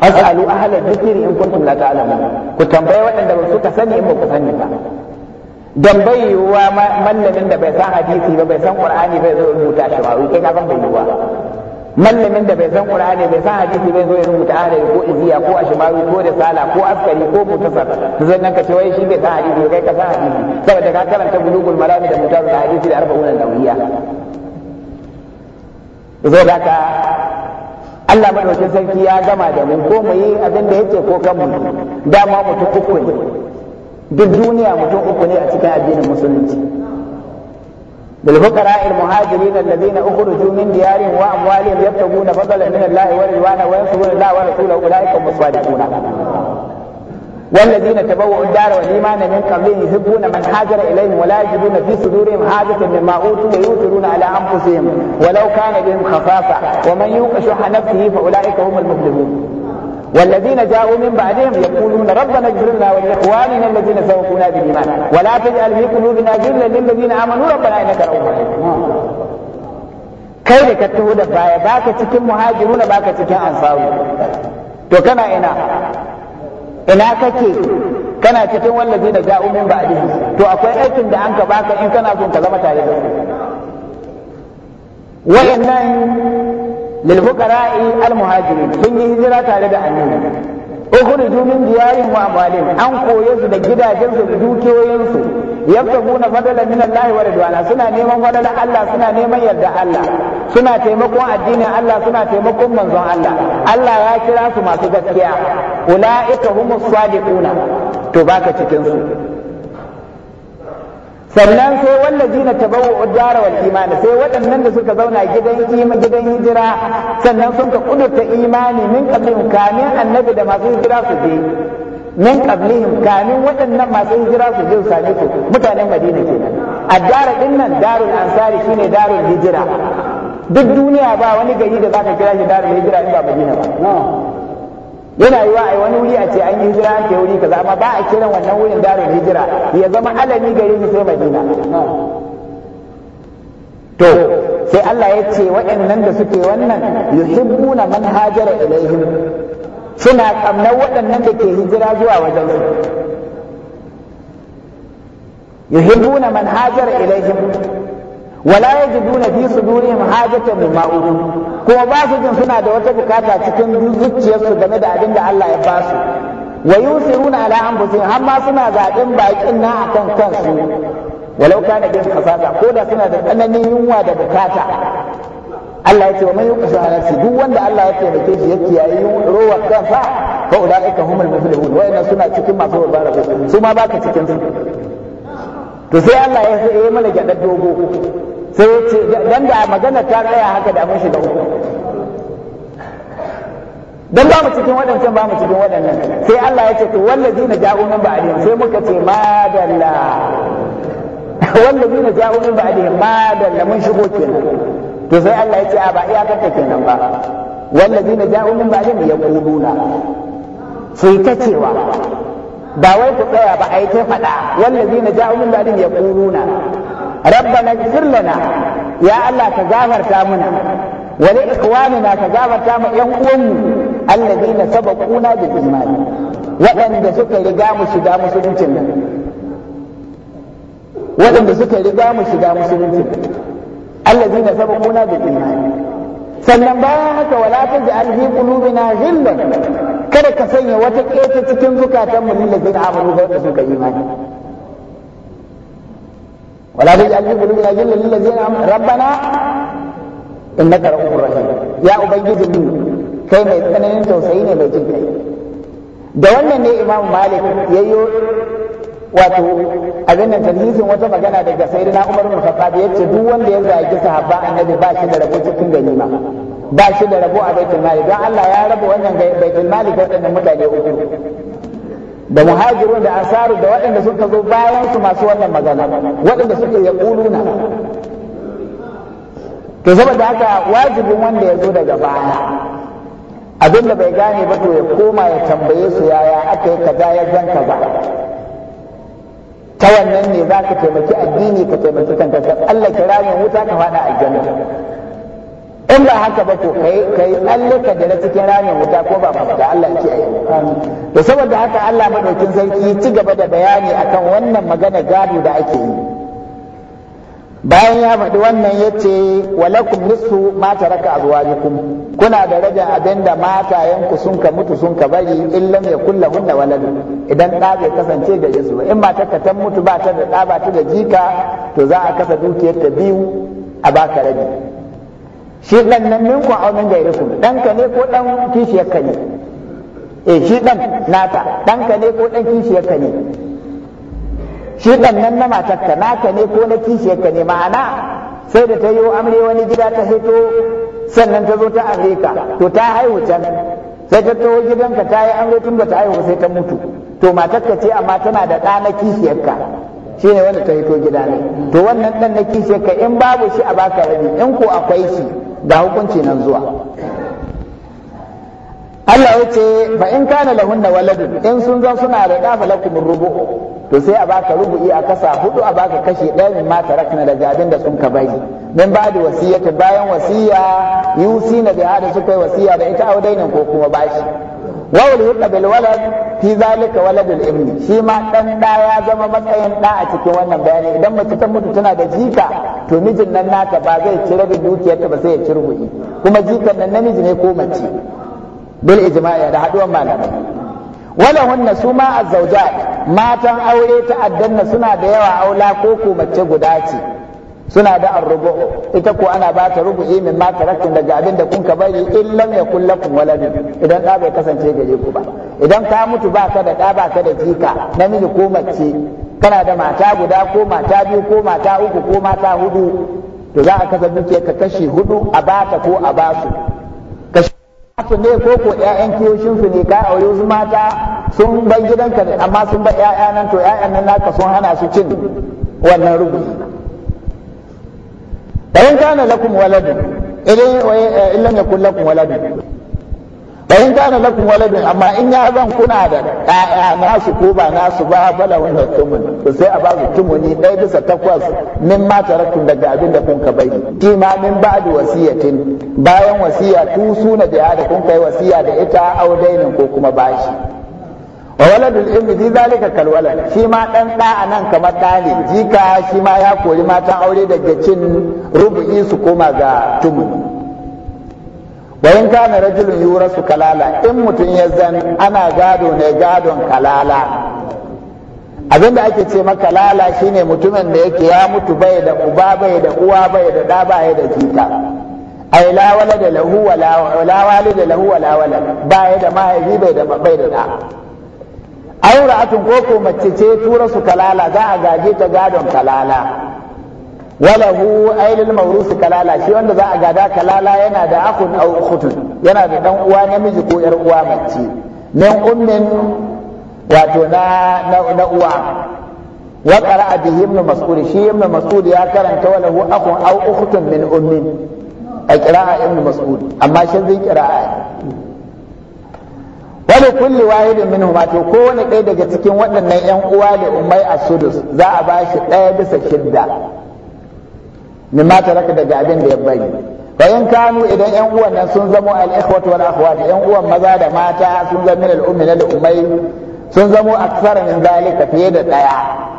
fasalu ahla zikir in kuntum la ta'lamun ku tambaye waɗanda ba su ka sani in ba ku sani ba dan bai yiwuwa mallamin da bai san hadisi ba bai san qur'ani bai zo rubuta shi ba kai ka san bai yiwuwa mallamin da bai san qur'ani bai san hadisi bai zo ya rubuta ahli ko iziya ko ashabi ko risala ko askari ko mutasar to zai nan ka ce wai shi bai san hadisi kai ka san hadisi saboda ka karanta bulugul marami da mutarul hadisi da arba'una nawiya zo da ka Allah wajen sarki ya gama da mu ko mu yi abin da yake ko kan mu dama mutum uku ne duk duniya mutum uku ne a cikin addinin musulunci للفقراء المهاجرين الذين اخرجوا من ديارهم واموالهم يبتغون فضلا من الله ورضوانا وينصرون الله ورسوله اولئك هم الصادقون والذين تبوؤوا الدار والايمان من قبلهم يحبون من هاجر اليهم ولا يجدون في صدورهم حاجة مما اوتوا ويؤثرون على انفسهم ولو كان بهم خفافة ومن يوق شح نفسه فاولئك هم المفلحون والذين جاءوا من بعدهم يقولون ربنا اغفر لنا ولاخواننا الذين سبقونا بالايمان ولا تجعل في قلوبنا غلا للذين امنوا ربنا انك رؤوف رحيم kai da ka taho da baya baka cikin muhajiruna baka cikin ansaru to kana ina ina kake kana cikin wallazi da ja'u min ba'dihi to akwai aikin da an ka baka in kana son ka zama tare da su wa'annan lil fuqara'i al muhajirin sun yi hijira tare da annabi ukhruju min diyarin a amwalin an koye su da gidajensu da dukiyoyinsu yabtaguna fadalan min Allah wa ridwana suna neman fadalan Allah suna neman yarda Allah suna taimakon addinin Allah suna taimakon manzon Allah Allah ya kira su masu gaskiya ulaika humus sadiquna to baka cikin su sannan sai ta bawa dara wal imani sai waɗannan da suka zauna gidan kima gidan hijira sannan sun ka kudurta imani min qablihim kamin annabi da masu hijira su je min qablihim kamin waɗannan masu hijira su je su same mutanen madina kenan addara din nan darul ansari shine darul hijira duk duniya ba wani gari da zaka kira shi darul hijira in ba madina ba yana wa a wani wuri a ce an yi hijira a ke wuri kaza amma ba a kiran wannan wurin darul hijira ya zama alami gari shi sai madina to sai Allah ya ce waɗannan da suke wannan yuhibbuna man hajara ilaihim suna kamnar waɗannan da ke hijira zuwa wajen su yuhibbuna man hajara ilaihim wala yajiduna fi sudurihim hajata mimma utu kuma ba su jin suna da wata bukata cikin zuciyarsu game da abin da Allah ya basu wayusiruna wa yusiruna ala anfusihim amma suna zaɓen bakin na akan kansu walau kana bin kasata ko da suna da tsananin yunwa da bukata Allah ya ce wa man yuqsa duk wanda Allah ya taimake shi ya kiyaye rowar kansa fa ulaika humul muflihun wa'annan suna cikin masu babbar su ma baka cikin su to sai Allah ya yi mana gyadar dogo sai ya ce dan da magana ta tsaya haka da mun shiga uku dan ba mu cikin waɗancan ba mu cikin waɗannan sai Allah ya ce to na ja'u min ba'dihim sai muka ce ma wallazi na ja'u min ba'dihim dalla mun shigo kenan to sai Allah ya ce a ba iyakarta kenan ba na ja'u min ba'dihim yaquluna sai ta cewa ba wai ku tsaya ba a yi fada wallazi na ja'u min ba'dihim yaquluna rabbana ighfir lana ya Allah ka gafarta muna wa li ikhwanina ka gafarta mu yan uwanmu alladheena sabaquna bil iman waɗanda suka riga mu shiga musuluncin nan waɗanda suka riga mu shiga sannan bayan haka wala taj'al fi qulubina ghillan kada ka sanya wata keta cikin zukatan lil ladina amanu ga wanda suka imani ولا تجعل في قلوبنا غلا للذين امنوا ربنا انك رؤوف رحيم يا ubangiji kai mai tsananin tausayi ne mai jin da wannan ne imam malik yayyo wato abin nan tarhisin wata magana daga sayyidina umar bin khattab yace duk wanda ya zagi sahabba annabi ba shi da rabo cikin ganima ba shi da rabo a baitul mali don Allah ya raba wannan baitul mali ga wadannan mutane uku da muhajirun da ansaru da waɗanda suka zo bayan su masu wannan magana waɗanda suka ya ƙuluna to saboda haka wajibin wanda ya zo daga baya abinda bai gane ba to ya koma ya tambaye su yaya aka yi kaza ya zan kaza ta wannan ne za ka taimaki addini ka taimaki kanka Allah kira ne wuta ka faɗa aljanna in ba haka ba ko kai kai tsalle da na cikin ramin wuta ko ba da Allah ya yi to saboda haka Allah madaukin sarki ci gaba da bayani akan wannan magana gado da ake yi bayan ya faɗi wannan ya ce walakum nisfu ma taraka jikun. kuna da raja abin da matayenku sun ka mutu sun ka bari in ya kulla hunna walad idan ɗa bai kasance da su in matarka ta mutu ba ta da ɗa ba ta da jika to za a kasa dukiyar ta biyu a baka rabi shi ɗan nan minku a ku ɗanka ne ko ɗan kishiyarka ne eh shi ɗan nata ɗanka ne ko ɗan kishiyarka ne shi ɗan nan na matarka naka ne ko na kishiyarka ne ma'ana sai da ta yi amre wani gida ta hito sannan ta zo ta amurka to ta haihu can sai ta taho gidanka ta yi amre tun ba ta haihu sai ta mutu to matarka ce amma tana da ɗa na ka. shi ne wanda ta hito gida ne to wannan ɗan na kishe ka in babu shi a baka rabi in ko akwai shi ga hukunci nan zuwa Allah ya ce fa in kana lahunna waladu in sun zan suna da da falakum rubu to sai a baka rubu'i a kasa hudu a baka kashe ɗaya min ma tarakna da abin da sun ka bari min ba da wasiyyata bayan wasiya na da hada suka yi wasiya da ita audainin ko kuma bashi wawul hibba bil walad fi zalika waladul ibni shi ma dan da ya zama matsayin da a cikin wannan bayani idan mace ta mutu tana da jika to mijin nan naka ba zai ci rabin dukiyarta ba sai ya ci kuma jikan nan namiji ne ko mace bil ijma'i da haduwan malamai wala hunna su ma matan aure na, suna da yawa aula ko ko mace guda ce suna da arrubu ita ko ana ba ta rubu'i min ma taraktum daga abin da kun ka bari in ya yakul waladin idan da bai kasance gare ku ba idan ka mutu ba ka da da ba ka da jika namiji ko mace kana da mata guda ko mata biyu ko mata uku ko mata hudu to za a kasa ka kashi hudu a ta ko a basu kashi su ne ko ko ƴaƴan kiyoshin su ne ka aure su mata sun bar gidanka amma sun bar ƴaƴan nan to ƴaƴan nan naka sun hana su cin wannan rubu'i fa in kana lakum waladun idan in lam yakun lakum waladun fa in kana lakum waladun amma in ya zan kuna da ƴaƴa nasu ko ba nasu ba bala wani tumun to sai a ba su tumuni ɗaya bisa takwas min ma taraktum daga abin da kun ka bai kima min ba'di wasiyatin bayan wasiya tu suna da ya da kun kai wasiya da ita audainin ko kuma bashi wa waladul ilmi bi zalika kal shi ma ɗan ɗa a nan kamar ɗani jika shi ma ya kori matan aure daga cin rubu'i su koma ga tumu wa in kana rajulun yurasu kalala in mutum ya zan ana gado ne gadon kalala abinda ake ce maka lala shine mutumin da yake ya mutu bai da uba bai da uwa bai da ɗa bai da jika ai lawala da lahu lawala. wala walida da mahaifi bai da da aura'atun koko mace ce tura su kalala za a gaje ta gadon kalala walahu ailil mawrusu kalala shi wanda za a gada kalala yana da akun aw ukhutun yana da dan uwa namiji ko yar uwa mace min ummin wato na na uwa wa qara'a bihi ibn mas'ud shi ibn mas'ud ya karanta walahu akun aw ukhtun min ummin a qira'a ibn mas'ud amma shi zai qira'a wani kulli wahidin minhu ma to wani ɗaya daga cikin waɗannan yan uwa da umai a sudus za a bashi ɗaya bisa shidda min ma raka daga abin da ya bari bayan kanu idan yan uwan nan sun zamo al ikhwatu wal akhwat yan uwan maza da mata sun zama min al ummi da sun zamo aksara min zalika fiye da ɗaya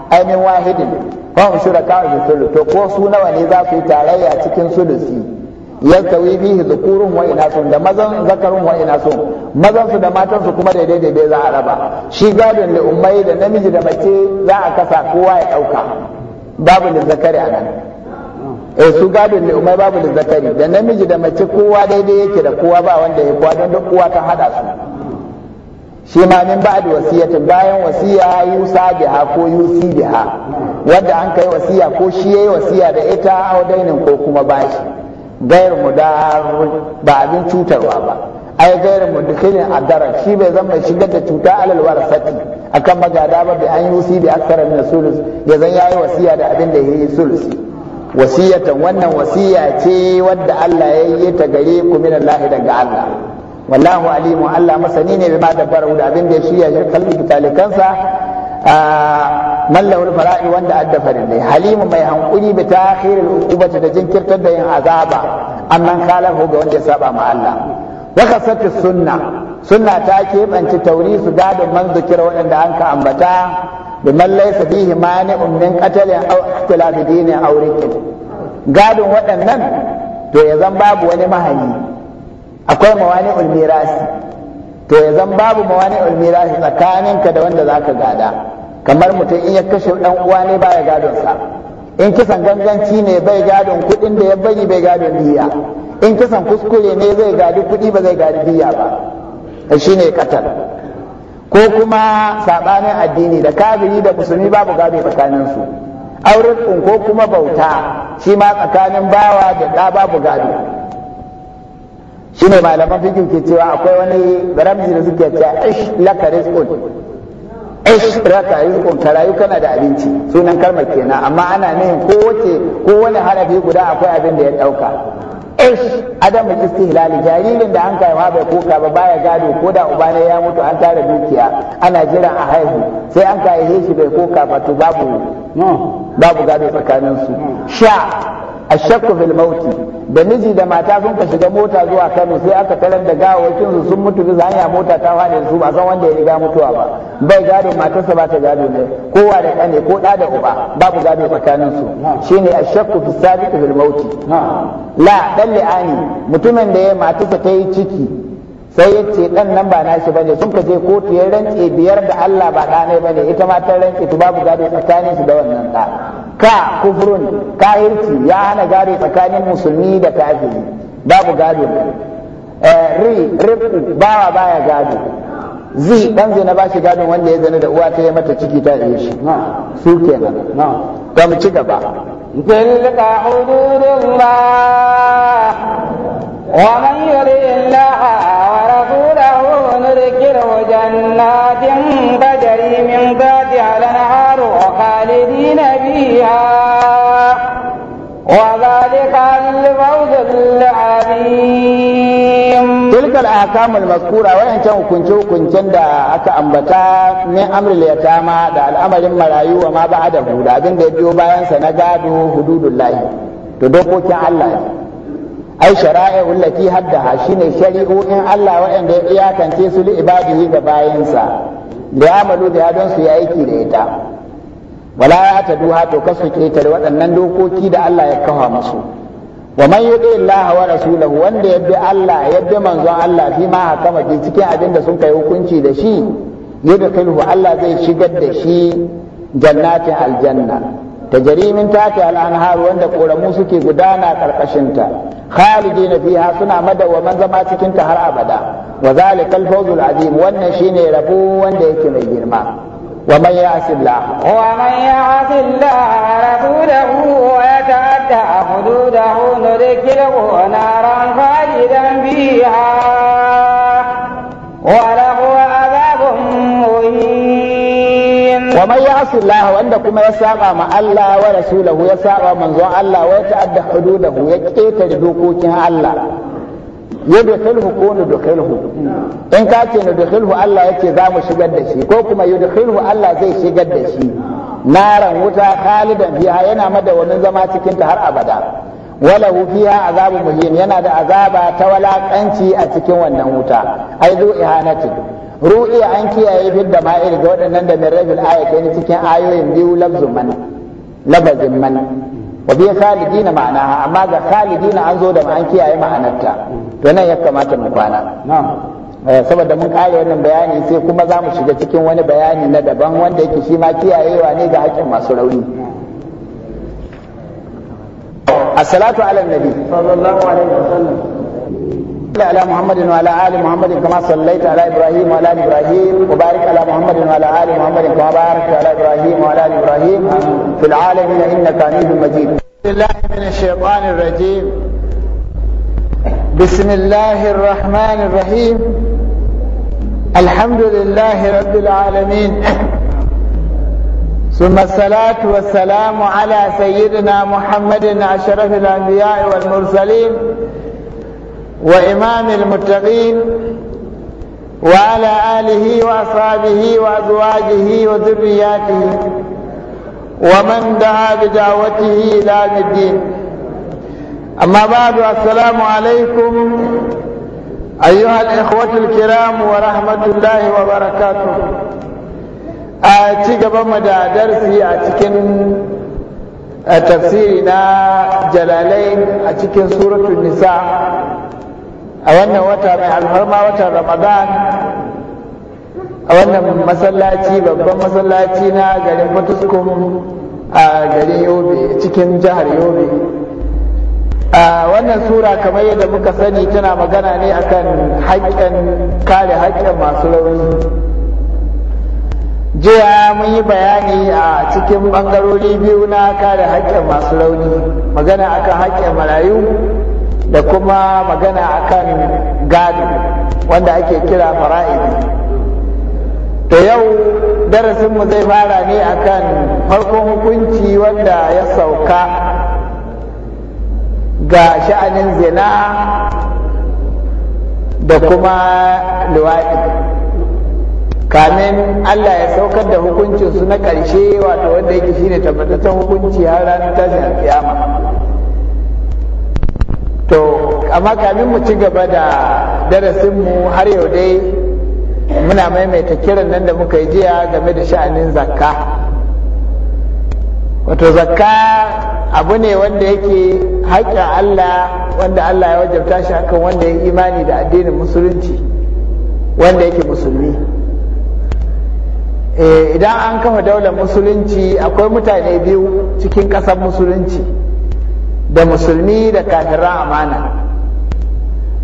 ai min wahidin wa hum shuraka fi to ko su nawa ne za su yi tarayya cikin sulusi yastawi bihi dhukurun wa inasun da mazan zakarun wa inasun mazan su da matan su kuma daidai daidai za a raba shi gadon da ummai da namiji da mace za a kasa kowa ya dauka babu da zakari a nan eh su gadon da ummai babu da zakari da namiji da mace kowa daidai yake da kowa ba wanda ya kowa don duk kowa ta hada su shi ma min ba da wasiyatin bayan wasiya yusa biha ko yusi biha wanda an kai wasiya ko shi yayi wasiya da ita audainin ko kuma bashi gayar mudar ba abin cutarwa ba ai gayar mudkhilin adara shi bai zama shigar da cuta alal warasati akan magada ba bi an yusi bi akthara min sulus ya zan yayi wasiya da abin da yayi sulusi wasiyatan wannan wasiya ce wadda Allah ya yi ta gare ku min Allah daga Allah wallahu alimu Allah masani ne bi ma dabbara da abin da ya shirya shi kalbi mallawul fara'i wanda adda farillai halimu mai hankuri bi ta'khiril uqubati da jinkirtar da yin azaba amman khalahu ga wanda ya saba ma Allah wa kasatu sunna sunna ta keɓance taurisu gadon man zikira waɗanda an ka ambata bi mallai laysa fihi mani'un qatalin aw ikhtilafi dinin aw gadon waɗannan to ya zan babu wani mahani akwai mawani'ul mirasi to ya zan babu mawani ulmirashi tsakaninka da wanda zaka gada kamar mutum in ya kashe ɗan uwa ne baya gadon sa in kisan ganganci ne bai gadon kudin da ya bari bai gadon diya in kisan kuskure ne zai gadi kudi ba zai gadi diya ba ne katal ko kuma sabanin addini da kabiri da musulmi babu gado tsakanin su auren ko kuma bauta shi ma tsakanin bawa da ɗa babu gado ne malaman fikin ke cewa akwai wani ramzi da suke cewa ish laka rizkun ish raka rizqun karayu kana da abinci sunan kalmar kenan amma ana ne ko wace ko wani guda akwai abin da ya dauka ish adamu istihlali jaririn da an wa bai koka ba baya gado ko da uba ne ya mutu an tara dukiya ana jira a haihu sai an kai shi bai koka ba to babu hmm, babu gado tsakanin su hmm. sha الشك في الموت da miji da mata sun ka shiga mota zuwa Kano sai aka tarar da gawawakin su sun mutu zuwa hanya mota ta wane su ba san wanda ya riga mutuwa ba bai gado matarsa ba ta gado ne kowa da kane ko da da uba babu gado tsakanin su shine ashakku fil sabiq fil mauti la dan li'ani mutumin da ya matarsa ta yi ciki sai ya ce dan nan ba nashi bane sun ka je kotu ya rantse biyar da Allah ba ɗanai bane ita ma ta rantse to babu gado tsakanin su da wannan ɗa ka kufrun kayirci ya hana gari tsakanin musulmi da kafiri babu gado eh, ri ribu bawa baya gado zi dan zai na bashi gadon wanda ya zana da uwa ta yi mata ciki ta yi shi su kenan ta mu ci gaba tilka ba wa man yuri illaha wa rasulahu ذكر وجنات تجري من تحتها الأنهار خالدين فيها وذلك الفوز العظيم تلك الأحكام المذكورة وإن كان كنت كنت أكا أنبتا من أمر اليتامى دا الأمر المرايو وما بعده دا أبن دا بيو بايان سنقادو حدود الله تدوكو كان الله ai shara'i'u allati haddaha shine shari'o'in Allah waɗanda ya iyakance su li ibadihi ga bayansa da amalu da don su yi aiki da ita wala ya ta duha to kasu ketare waɗannan dokoki da Allah ya kafa musu wa man yudi Allah wa rasulahu wanda yabbi Allah yabbi manzon Allah fi ma hakama bi cikin abin da sun kai hukunci da shi yudkhiluhu Allah zai shigar da shi jannatin aljanna ta jarimin take al'anhar wanda koramu suke gudana karkashinta khalidina fiha suna madawwaman zama cikin ta har abada wa zalikal fawzul azim wannan shine rabo wanda yake mai girma wa man ya'si Allah wa man ya'si Allah rasulahu wa yata'adda hududahu nudkhiluhu Allah wanda kuma ya saba ma Allah wa rasulahu ya saba manzon Allah wa ya ta'adda hududahu ya ketare dokokin Allah ya dukhilhu ko na dukhilhu in ka ce da dukhilhu Allah yake za mu shigar da shi ko kuma yudkhilhu Allah zai shigar da shi naran wuta khalidan biha yana wani zama cikin ta har abada wala fiha azabu muhim yana da azaba ta walakanci a cikin wannan wuta ai zo ihanatu ru'i an kiyaye fi da ma'ir ga waɗannan da min rabil ayatin cikin ayoyin biyu labzun man labazin man wa bi khalidina ma'ana amma ga khalidina an zo da ma an kiyaye ma'anarta to nan ya kamata mu kwana eh, saboda mun kare wannan bayani sai kuma za mu shiga cikin wani bayani na daban wanda yake shi ma kiyayewa ne ga haƙƙin masu rauni as-salatu ala nabi sallallahu alaihi wasallam صل على محمد وعلى ال محمد كما صليت على ابراهيم وعلى ال ابراهيم وبارك على محمد وعلى ال محمد كما باركت على ابراهيم وعلى ال ابراهيم في العالمين انك حميد مجيد. الله من الشيطان الرجيم. بسم الله الرحمن الرحيم. الحمد لله رب العالمين. ثم الصلاة والسلام على سيدنا محمد أشرف الأنبياء والمرسلين وإمام المتقين وعلى آله وأصحابه وأزواجه وذرياته ومن دعا بدعوته إلى الدين أما بعد السلام عليكم أيها الإخوة الكرام ورحمة الله وبركاته أتيك بمدى درسي أتكن تفسيرنا جلالين أتكن سورة النساء a wannan wata mai alfarma watan ramadan a wannan masallaci babban masallaci na garin fatuskum a garin yobe cikin jihar yobe a wannan sura kamar yadda muka sani tana magana ne akan haƙƙin kare haƙƙin masu rauni jiya mun yi bayani a cikin ɓangarori biyu na kare haƙƙin masu rauni magana akan haƙƙin marayu da kuma magana akan gado wanda ake kira fara'idi to yau darasinmu zai fara ne akan farkon hukunci wanda ya sauka ga sha'anin zina da kuma luwaɗi kamin Allah ya saukar da hukuncinsu na ƙarshe wato wanda yake shine tabbataccen hukunci har ranar tashin alƙiyama to amma kamin mu ci gaba da darasinmu har yau dai muna maimaita kiran nan da muka yi jiya game da sha'anin zakka wato zakka abu ne wanda yake haƙƙin Allah wanda Allah ya wajabta shi akan wanda ya imani da addinin musulunci wanda yake musulmi eh, idan an kafa daular musulunci akwai mutane biyu cikin ƙasar musulunci da musulmi da kafiran amana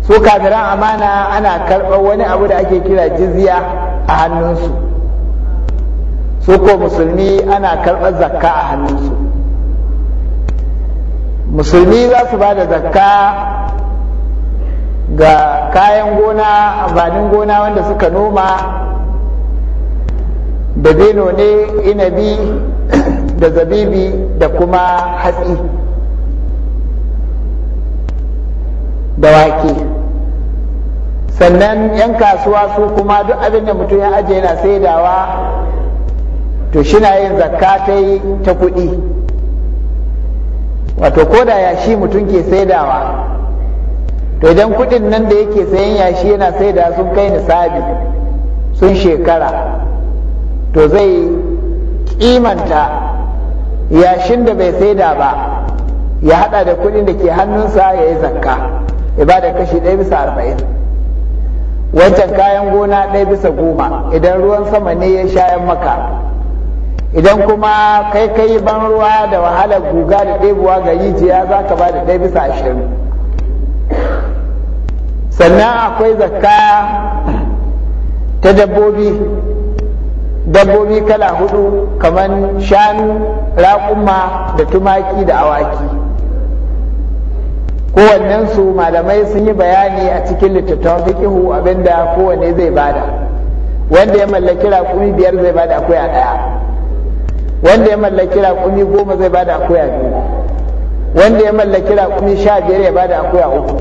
su kafiran amana ana karɓar wani abu da ake kira jizya a hannunsu su ko musulmi ana karɓar zakka a hannunsu musulmi za su ba da zakka ga kayan gona amfanin gona wanda suka noma da beno inabi da zabibi da kuma hatsi da sannan 'yan kasuwa su kuma duk abin da mutum ya ajiye yana saidawa to shi na yin zakka ta yi ta kuɗi wato ko da yashi mutum ke saidawa to idan kuɗin nan da yake sayan yashi yana saida sun kai nisabi sun shekara to zai kimanta yashin da bai saida ba ya hada da kuɗin da ke hannunsa ya yi zakka ibada kashi ɗaya bisa arba'in wancan kayan gona ɗaya bisa goma idan ruwan sama ne ya shayan maka idan kuma kai kai ban ruwa da wahala guga da ɗebuwa ga rijiya za ka ba da ɗaya bisa ashirin sannan akwai zakka ta dabbobi dabbobi kala hudu kamar shanu raƙuma da tumaki da awaki kowannen su malamai sun yi bayani a cikin littattafan fikihu abinda kowanne zai bada wanda ya mallaki raƙumi biyar zai bada akuya ɗaya wanda ya mallaki raƙumi goma zai bada akuya biyu wanda ya mallaki raƙumi sha biyar ya bada akuya uku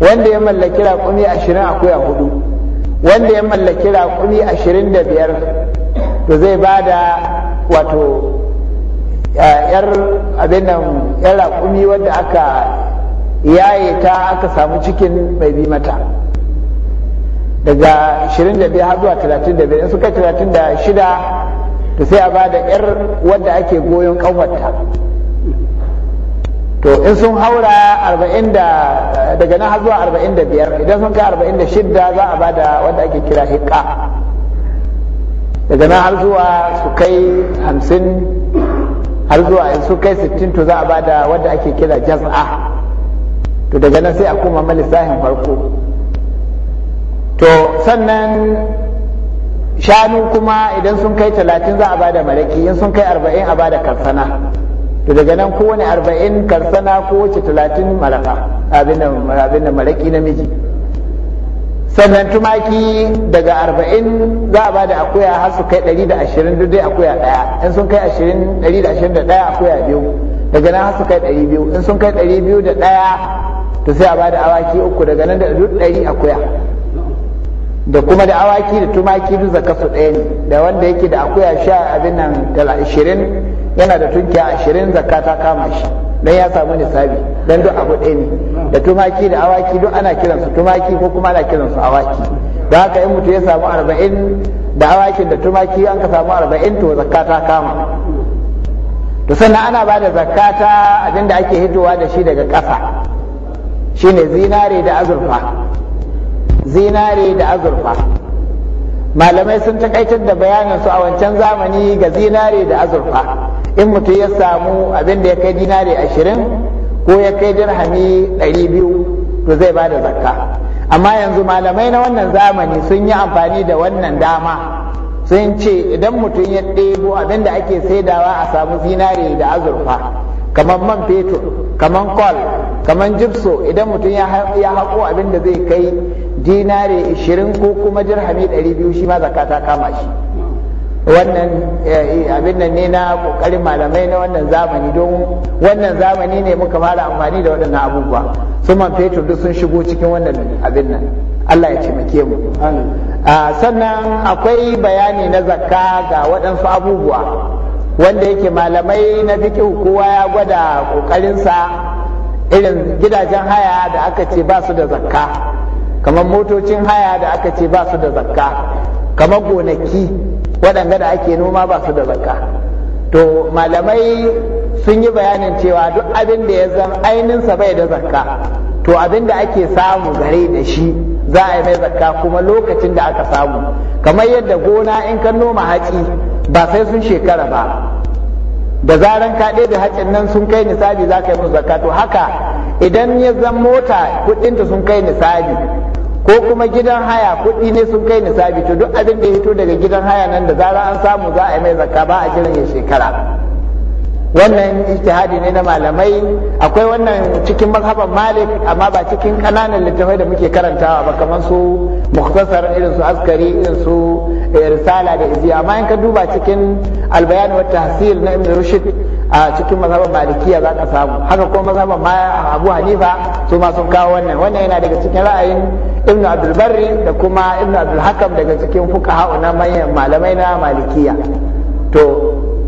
wanda ya mallaki raƙumi ashirin akuya hudu wanda ya mallaki raƙumi ashirin da biyar to zai bada wato yar abin nan yar raƙumi wanda aka yaye ta aka samu cikin mai bi mata daga 25 har zuwa 35 in suka 36 to sai a ba da yar wadda ake goyon kanwarta to in sun haura 40 daga nan har zuwa 45 idan sun kai 46 za a ba da wadda ake kira hikka daga nan har zuwa su kai 50 har zuwa in su kai 60 to za a ba da wadda ake kira jaz'a to daga nan sai a koma sahin farko to sannan shanu kuma idan sun kai talatin za a ba da maraki in sun kai arba'in a ba da karsana to daga nan kowane arba'in karsana ko wace talatin maraka abin da maraki namiji sannan tumaki daga arba'in za a ba da akuya har su kai ɗari da ashirin duk dai akuya ɗaya in sun kai ashirin ɗari da ashirin da ɗaya akuya biyu daga nan har su kai ɗari biyu in sun kai ɗari biyu da ɗaya to sai a bada awaki uku daga nan da duk ɗari akuya da kuma da awaki da tumaki duk zaka su ɗaya ne da wanda yake da akuya sha abin nan dala ashirin yana da tunkiya ashirin zakka ta kama shi dan ya samu nisabi dan duk abu ɗaya ne da tumaki da awaki duk ana kiransu tumaki ko kuma ana kiransu awaki da haka in mutum ya samu arba'in da awakin da tumaki an ka samu arba'in to zakka ta kama to sannan ana ba da zakka ta ake hitowa da shi daga ƙasa shine zinare da azurfa zinare da azurfa malamai sun takaitar da bayanin su a wancan zamani ga zinare da azurfa in mutum ya samu abin da ya kai dinare ashirin ko ya kai dirhami ɗari biyu to zai ba da zakka amma yanzu malamai na wannan zamani sun yi amfani da wannan dama sun ce idan mutum ya ɗebo abin da ake saidawa a samu zinare da azurfa kamar man fetur kamar kwal kamar jibso idan mutum ya haƙo abin da zai kai dinare 20 ko kuma jirhami 200 shi ma zakka ta kama shi wannan eh, abin nan ne na ƙoƙarin malamai na wannan zamani don wannan zamani ne muka fara amfani da waɗannan abubuwa su man fetur duk sun shigo cikin wannan abin nan Allah ya taimake mu ah, sannan akwai bayani na zakka ga waɗansu abubuwa wanda yake malamai na fiqh kowa ya gwada ƙoƙarinsa irin gidajen haya da aka ce ba su da zakka kamar motocin haya da aka ce ba su da zakka kamar gonaki waɗanda da ake noma ba su da zakka to malamai sun yi bayanin cewa duk abin da ya zan ainihinsa bai da zakka to abin da ake samu gare da shi za a yi mai zakka kuma lokacin da aka samu kamar yadda gona in ka noma hatsi ba sai sun shekara ba da zaran ka ɗebe hatsin nan sun kai nisabi za ka yi musu zakka to haka idan ya zan mota kuɗinta sun kai nisabi ko kuma gidan haya kuɗi ne sun kai nisabi to duk abin da ya fito daga gidan haya nan da zaran an samu za a yi mai zakka ba a jiran ya shekara wannan ijtihadi ne na malamai akwai wannan cikin mazhaban malik amma ba cikin kananan littafai da muke karantawa ba kamar su mukhtasar irin su askari irin su eh, risala da iziya amma in ka duba cikin albayan wa tahsil na ibn rushd a cikin mazhaban malikiya za ka samu haka kuma mazhaban ma abu hanifa su ma sun kawo wannan wannan yana daga cikin ra'ayin ibn abdul barri da kuma ibn abdul hakam daga cikin fuqaha na malamai na malikiya to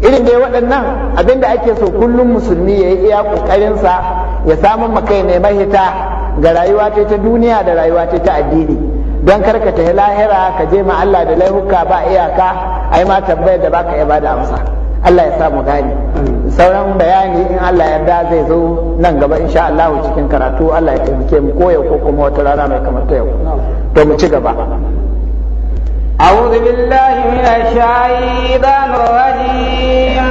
irin dai waɗannan abin da ake so kullum musulmi ya yi iya ƙoƙarinsa ya samun makai ne mahita ga rayuwa ce ta duniya da rayuwa ce ta addini don karka ta lahira ka je ma Allah da laihuka ba iyaka ai ma tabbayar da baka iya bada amsa Allah ya samu gani sauran bayani in Allah yarda zai zo nan gaba insha Allah cikin karatu Allah ya taimake mu koyo ko kuma wata rana mai kamar ta yau to mu ci gaba أعوذ بالله من الشيطان الرجيم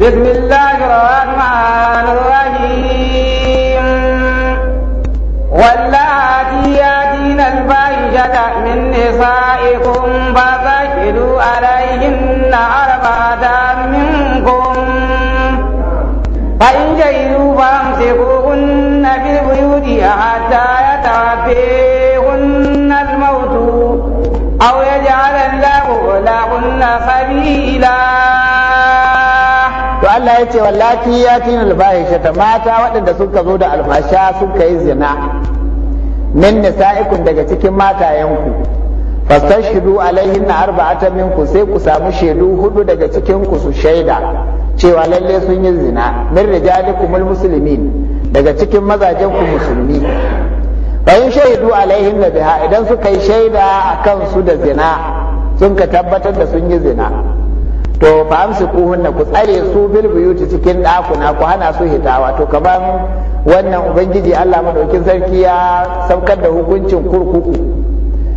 بسم الله الرحمن الرحيم واللاتي ياتين الفاحشة من نسائكم فبشروا عليهن أربعة منكم فإن جئتوا فامسكوهن في البيوت حتى يتوفين أو يجعل الله لهن سبيلا to Allah ya ce wallati ya tina ta mata waɗanda suka zo da albasha suka yi zina min nisa'ikum daga cikin matayenku a alaihin na arba'ata minku sai ku samu shaidu hudu daga cikin ku su shaida cewa lalle sun yi zina min kumul musulmi, daga cikin mazajen ku musulmi bayan shaidu alaihim da biha idan suka yi shaida a kansu da zina sun ka tabbatar da sun yi zina to fa amsu kuhunna ku tsare su bil buyuti cikin ɗakuna ku hana su hitawa to kaman wannan ubangiji Allah madaukin sarki ya saukar da hukuncin kurkuku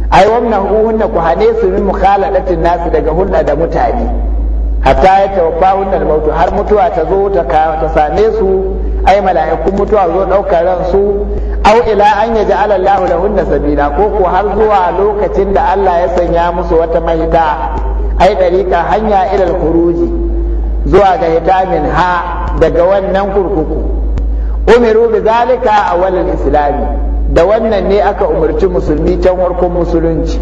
ai wannan kuhunna ku hane su min mukhaladatin nasu daga hulɗa da mutane hatta ya tawaffahunna da mautu har mutuwa ta zo ta same su ai mala'ikun mutuwa zo ɗaukar ransu aw ila an yaj'ala da lahunna sabila ko ko har zuwa lokacin da Allah ya sanya musu wata mahita ai dariƙa hanya ilal khuruji zuwa ga hitamin ha daga wannan kurkuku umiru bi zalika awwalal islami da wannan ne aka umarci musulmi can warkon musulunci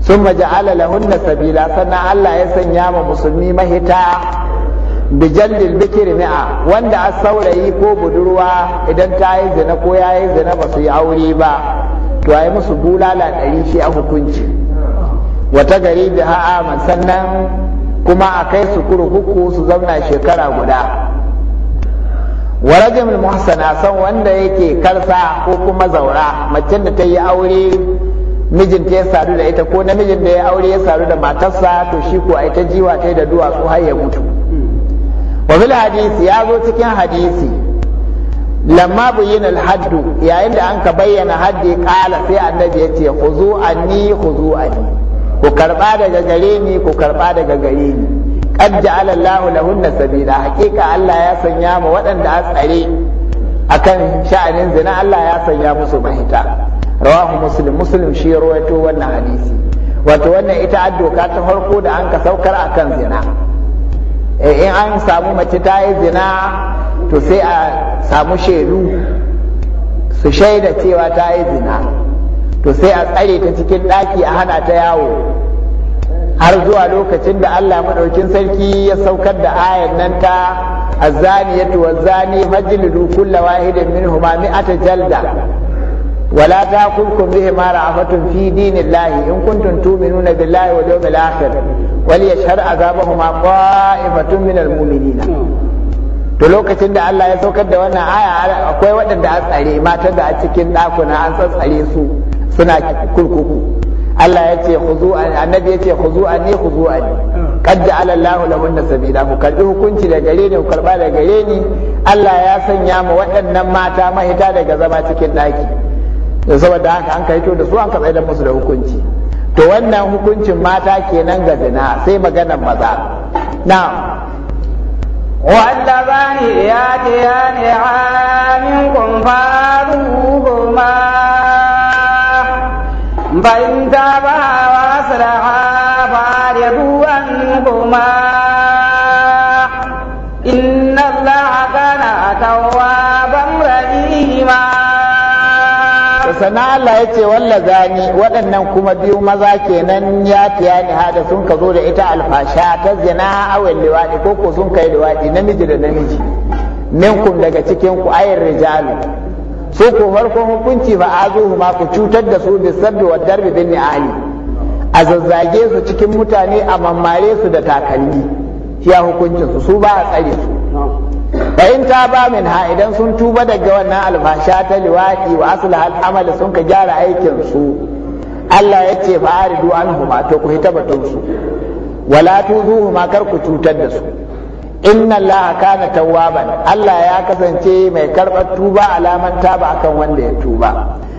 sun maja'ala lahunna sabila sannan Allah ya sanya ma musulmi mahita bijallil bikir mi'a wanda a saurayi ko budurwa idan ta yi zina ko ya yi zina ba su yi aure ba to a yi musu bulala ɗari shi a hukunci wata gari da ha'a sannan kuma a kai su kurkuku su zauna shekara guda warajin muhsana san wanda yake karsa ko kuma zaura macen da ta yi aure mijinta ya sadu da ita ko namijin da ya aure ya sadu da matarsa to shi ko a ita jiwa ta da duwatsu har ya mutu wa hadisi ya zo cikin hadisi lamma bayyana haddu yayin da anka bayyana haddi kala sai annabi yace khuzu anni khuzu anni ku karba daga gare ni ku karba daga gare ni qad ja'ala Allahu lahunna sabila hakika Allah ya sanya mu waɗanda a tsare akan sha'anin zina Allah ya sanya musu mahita rawahu muslim muslim shi rawaito wannan hadisi wato wannan ita addoka ta farko da anka saukar akan zina Eh, in an samu mace ta yi zina to sai a samu shaidu su shaida cewa ta yi zina to sai a tsare ta cikin ɗaki a hana ta yawo har zuwa lokacin da Allah maɗaukin sarki ya saukar da ayan nan ta azzani ya tuwa zani majlidu kulla wahidin min huma mi'ata jalda ولا تأكلكم بهما رأفة في دين الله إن كنتم تؤمنون بالله واليوم الآخر وليشهد عذابهما طائفة من المؤمنين to lokacin da Allah ya saukar da wannan aya akwai waɗanda an tsare matan da a cikin ɗakuna an tsatsare su suna kurkuku Allah ya ce khuzu annabi ya ce khuzu anni khuzu anni qad ja'ala Allahu lahunna sabila ku karbi hukunci da gare ni ku karba da gare ni Allah ya sanya ma waɗannan mata mahita daga zama cikin ɗaki saboda haka an kai to da su an ka tsaye musu da hukunci to wannan hukuncin mata kenan ga zina sai maganar maza na wanda za ni ya ce ya ne hannun kun faru kuma da ba wa sara ba duwan kuma sana Allah ya ce walla wallazani waɗannan kuma biyu maza kenan ya fiya ni hada sun ka zo da ita alfasha ta zina awal liwaɗi ko ko sun kai liwaɗi namiji da namiji minkum daga cikin ku ayin rijalu su ku farkon hukunci ba zo ma ku cutar da su bi sabbi wa darbi bin Ali, a zazzage su cikin mutane a mammare su da takalmi ya hukuncin su su ba a tsare su fa in ta ba min ha idan sun tuba daga wannan alfasha ta liwaki wa asla al sun ka gyara aikin su Allah ya ce fa aridu anhuma to ku hita batun su wala ma kar ku cutar da su inna Allah kana tawwaban Allah ya kasance mai karbar tuba alaman ba akan wanda ya tuba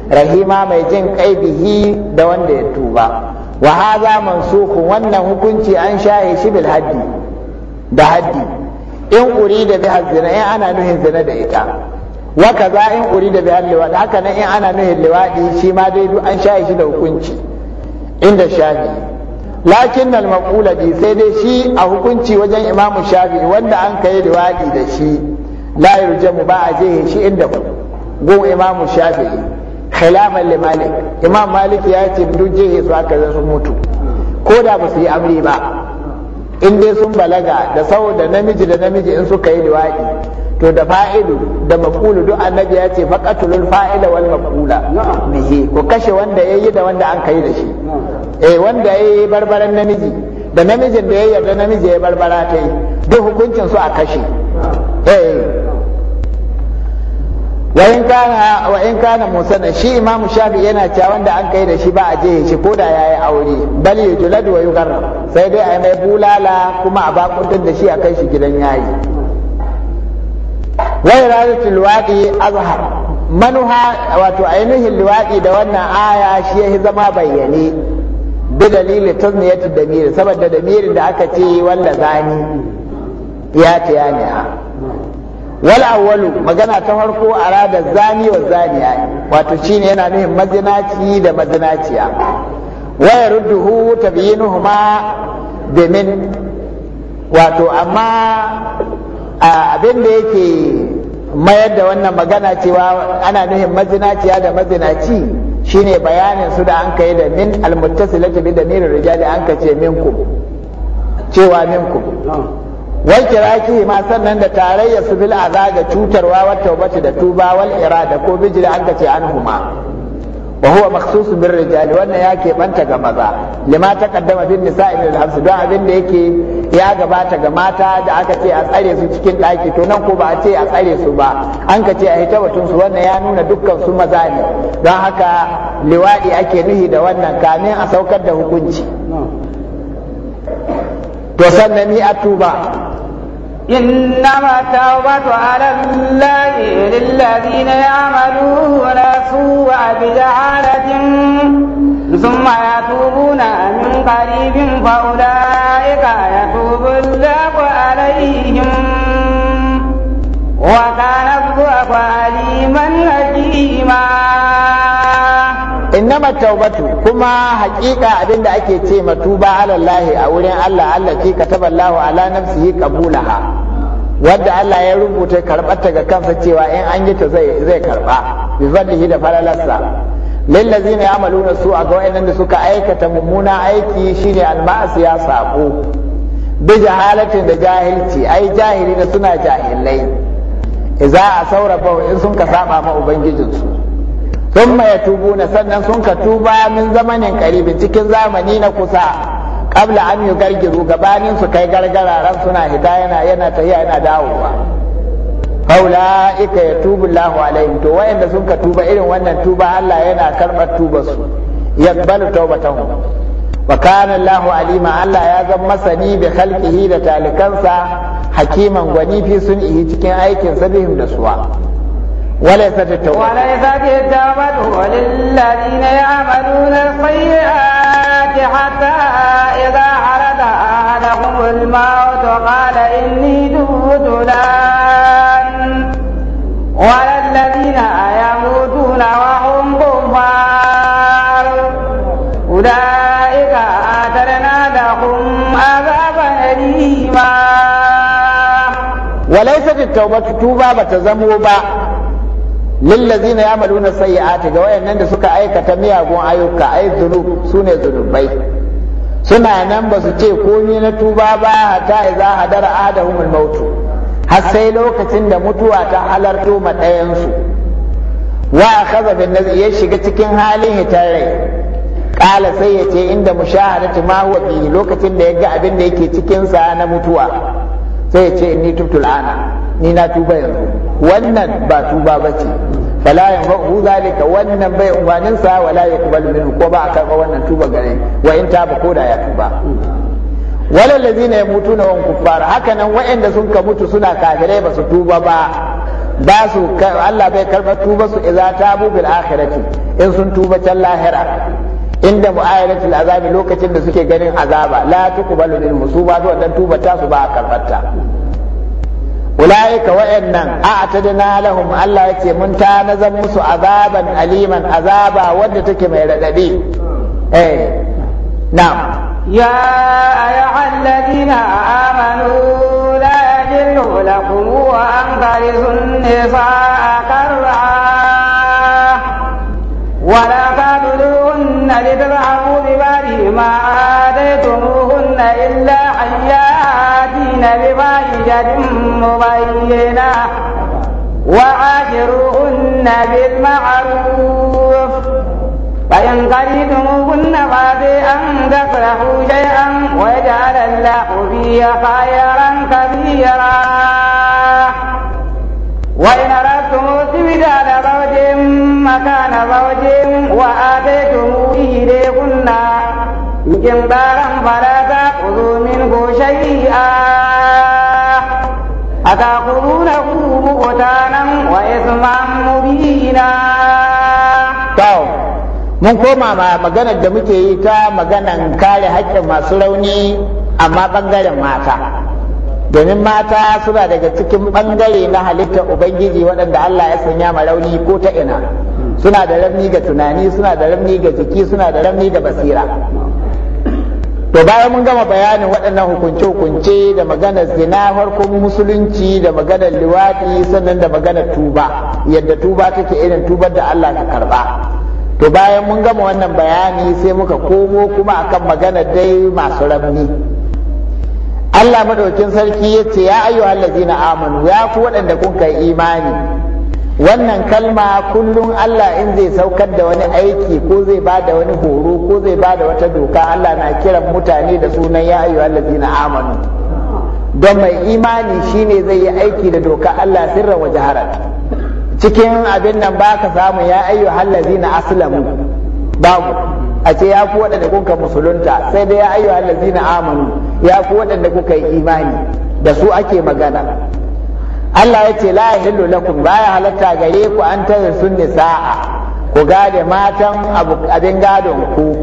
rahima mai jin kai bihi da wanda ya tuba wa hadha mansukun wannan hukunci an shaye shi bil haddi da haddi in uri da bihar in ana nuhin zina da ita wa kaza in uri da halwa liwaɗi haka nan in ana nuhin liwaɗi shi ma dai duk an shaye shi da hukunci inda shafi lakin al maqula bi sai dai shi a hukunci wajen imamu shafi wanda an kai liwaɗi da shi la yurjamu ba a je shi inda ku go imamu shafi khilafan li malik imam malik ya ce duk jehe su aka su mutu ko da ba su yi amri ba in dai sun balaga da saboda namiji da namiji in suka yi liwaɗi to da fa'ilu da makulu duk annabi ya ce faqatulul fa'ila wal maqula bihi ko kashe wanda yayi da wanda an kai da shi eh wanda yayi barbaran namiji da namijin da yayi da namiji ya barbara ta yi duk hukuncin su a kashe eh wa in kana wa in kana shi imamu shafi yana cewa wanda an kai da shi ba a je shi ko da yayi aure bal yujlad wa yugarra sai dai a mai bulala kuma a bakuntar da shi a kai shi gidan yayi wa iradatul waqi azhar manuha wato ainihi liwaqi da wannan aya shi ya zama bayyane bi dalilin tazniyatu damir saboda damirin da aka ce wanda zani ya ta a wal awwalu magana ta farko arada zani wa zaniya wato shine yana nufin mazinaci da mazinaciya wa yarudduhu tabyinuhuma bi min wato amma abin da yake mayar da wannan magana cewa ana nufin mazinaciya da mazinaci shine bayanin su da an kai da min almuttasilati bi damirir rijali an kace minkum cewa minkum ah. wai kiraki ma sannan da tarayya su bil aza ga cutarwa wa tawbati da tuba wal irada ko bijri an kace huma. wa huwa makhsus bir rijali wannan ya ke banta ga maza lima taqaddama bin nisa'i bil al don abin da yake ya gabata ga mata da aka ce a tsare su cikin daki to nan ko ba a ce a tsare su ba an kace a hita batun su wannan ya nuna dukkan su maza ne don haka liwadi ake nuhi da wannan kamin a saukar da hukunci to san nan ni a tuba inna ma tawabatu ala llahi lil ladina ya'maluna suwa bil aadatin thumma yatubuna min qareebin innama taubatu kuma haƙiƙa abinda ake ce ma tuba alallahi a wurin Allah Allah ki Allah ala nafsihi qabulaha wanda Allah ya rubuta ta ga kansa cewa in an yi ta zai zai karɓa bi fadlihi da falalarsa lillazina ya'maluna su'a ga wa'annan da suka aikata mummuna aiki shine al ya sako. bi jahalatin da jahilci ai jahili da suna jahilai idza ba in sun ka saba ma ubangijinsu thumma yatubuna sannan sun ka tuba min zamanin qaribin cikin zamani na kusa kabla an yugargiru gabanin su kai gargararan suna hidayana yana tahiya yana dawowa faula'ika yatubu Allahu alaihim to waɗanda sun ka tuba irin wannan tuba Allah yana karbar tuba su yaqbalu tawbatahum wa kana Allahu alima Allah ya zama masani bi khalqihi da talikansa hakiman gwani fi sun'ihi cikin aikin sabihim da suwa وليست التوبة وليست التوبة للذين يعملون السيئات حتى إذا حرد أحدهم الموت قال إني تبت الآن وللذين يموتون وهم كفار أولئك أعتدنا لهم عذابا أليما وليست التوبة توبة بتزموا بقى lillazina ya'maluna sayyi'ati ga wayannan da suka aikata miyagun ayyuka ay zunub sune zunubai suna nan ba su ce komai na tuba ba hatta idza hadara ahaduhumul maut har sai lokacin da mutuwa ta halarto ma ɗayan su wa akhadha bin nazi ya shiga cikin halin hitarai kala sai ya ce inda mushahadati ma huwa lokacin da ya ga abin da yake cikin sa na mutuwa sai ya ce in ni tubtul ana ni na tuba yanzu wannan ba tuba ce fala zalika wannan bai umarnin sa wala kubal min ko ba a karba wannan tuba gare wa in ta ba ko da ya tuba wala ladina yamutuna wa kuffar haka nan waɗanda sun ka mutu suna kafirai ba su tuba ba ba su Allah bai karba tuba su idza tabu bil akhirati in sun tuba can lahira inda mu'ayyanatul azabi lokacin da suke ganin azaba la tuqbalu lil musuba to dan tuba ta su ba karbata ulaika wa'annan a'tadna lahum Allah yace mun ta nazar musu azaban aliman azaba wanda take mai radadi eh na'am ya ayyuhal amanu la yajillu lakum wa anqarizun nisaa ولا لتبعوا ببعض ما آتيتموهن إلا أن بفاحشة مبينة وعاشروهن بالمعروف فإن قلتموهن فعسي أن تكرهوا شيئا ويجعل الله فيه خيرا كثيرا وإن أردتم استبدال زوج مكان زوج وآتيتموه فلا تأخذوا منه شيئا mun koma ma maganar da muke yi ta maganar kare haƙƙin masu rauni amma ɓangaren mata domin mata suna daga cikin ɓangare na halittar ubangiji waɗanda allah ya sanya ma rauni ko ta ina suna da ramni ga tunani suna da ramni ga jiki suna da ramni ga basira to bayan mun gama bayanin waɗannan hukunce-hukunce da maganar zina farkon musulunci da maganar liwaɗi sannan da maganar tuba yadda tuba take irin tubar da Allah ka karba to bayan mun gama wannan bayani sai muka komo kuma akan magana dai masu ramni Allah madaukin sarki ya ce ya ayyuhallazina amanu ya ku waɗanda kun kai imani wannan kalma kullum Allah in zai saukar da wani aiki ko zai ba da wani horo ko zai ba da wata doka Allah na kiran mutane da sunan ya ayyu na amanu don mai imani shine zai yi aiki da doka Allah sirra wa jaharat cikin abin nan ba ka samu ya ayyu na aslamu babu a ce ya fi waɗanda kuka musulunta sai dai ya ayyu na amanu ya fi waɗanda kuka yi imani da su ake magana Allah ya ce la yahillu lakum baya halatta gare ku an ta sun nisa'a ku gade matan abin gadon ku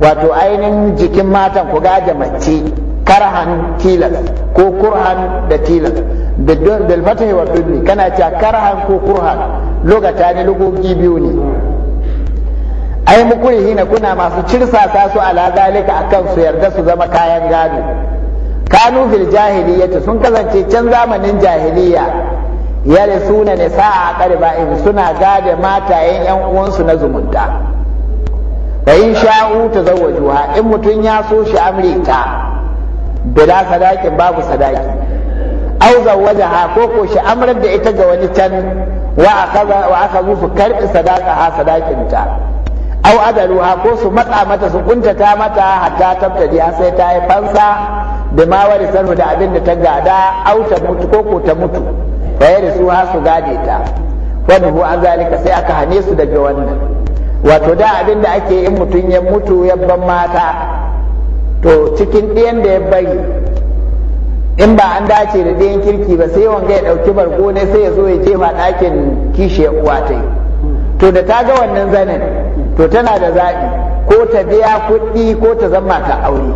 wato ainihin jikin matan ku gade mace karhan tilas ko kurhan da tilas bil fatahi wa dunni kana cewa karhan ko kurhan lokata ne lugogi biyu ne ai mukuri hina kuna masu cirsasa su ala zalika akan su yarda su zama kayan gado kanu fil jahiliyyati sun kasance can zamanin jahiliya ya suna ne sa'a in suna gade matayen yan uwansu na zumunta fa in sha'u tazawwajuha in mutun ya so shi amrita bila sadakin babu sadaki au zawwajaha ko ko shi amrar da ita ga wani can wa akaza wa aka fi karbi sadaka ha sadakin ta au azaruha ko su matsa mata su kuntata mata hatta tabtaji sai ta yi fansa da ma wani sanu da abin da ta gada au ta mutu ko ko ta mutu fa su ha su gade ta wani hu an zalika sai aka hane su daga wannan wato da abin da ake in mutum ya mutu ya mata to cikin ɗiyan da ya bari in ba an dace da ɗiyan kirki ba sai wanga ya ɗauki bargo ne sai ya zo ya jefa ɗakin kishiyar uwa ta to da ta ga wannan zanin to tana da zaɓi ko ta biya kuɗi ko ta zama ta aure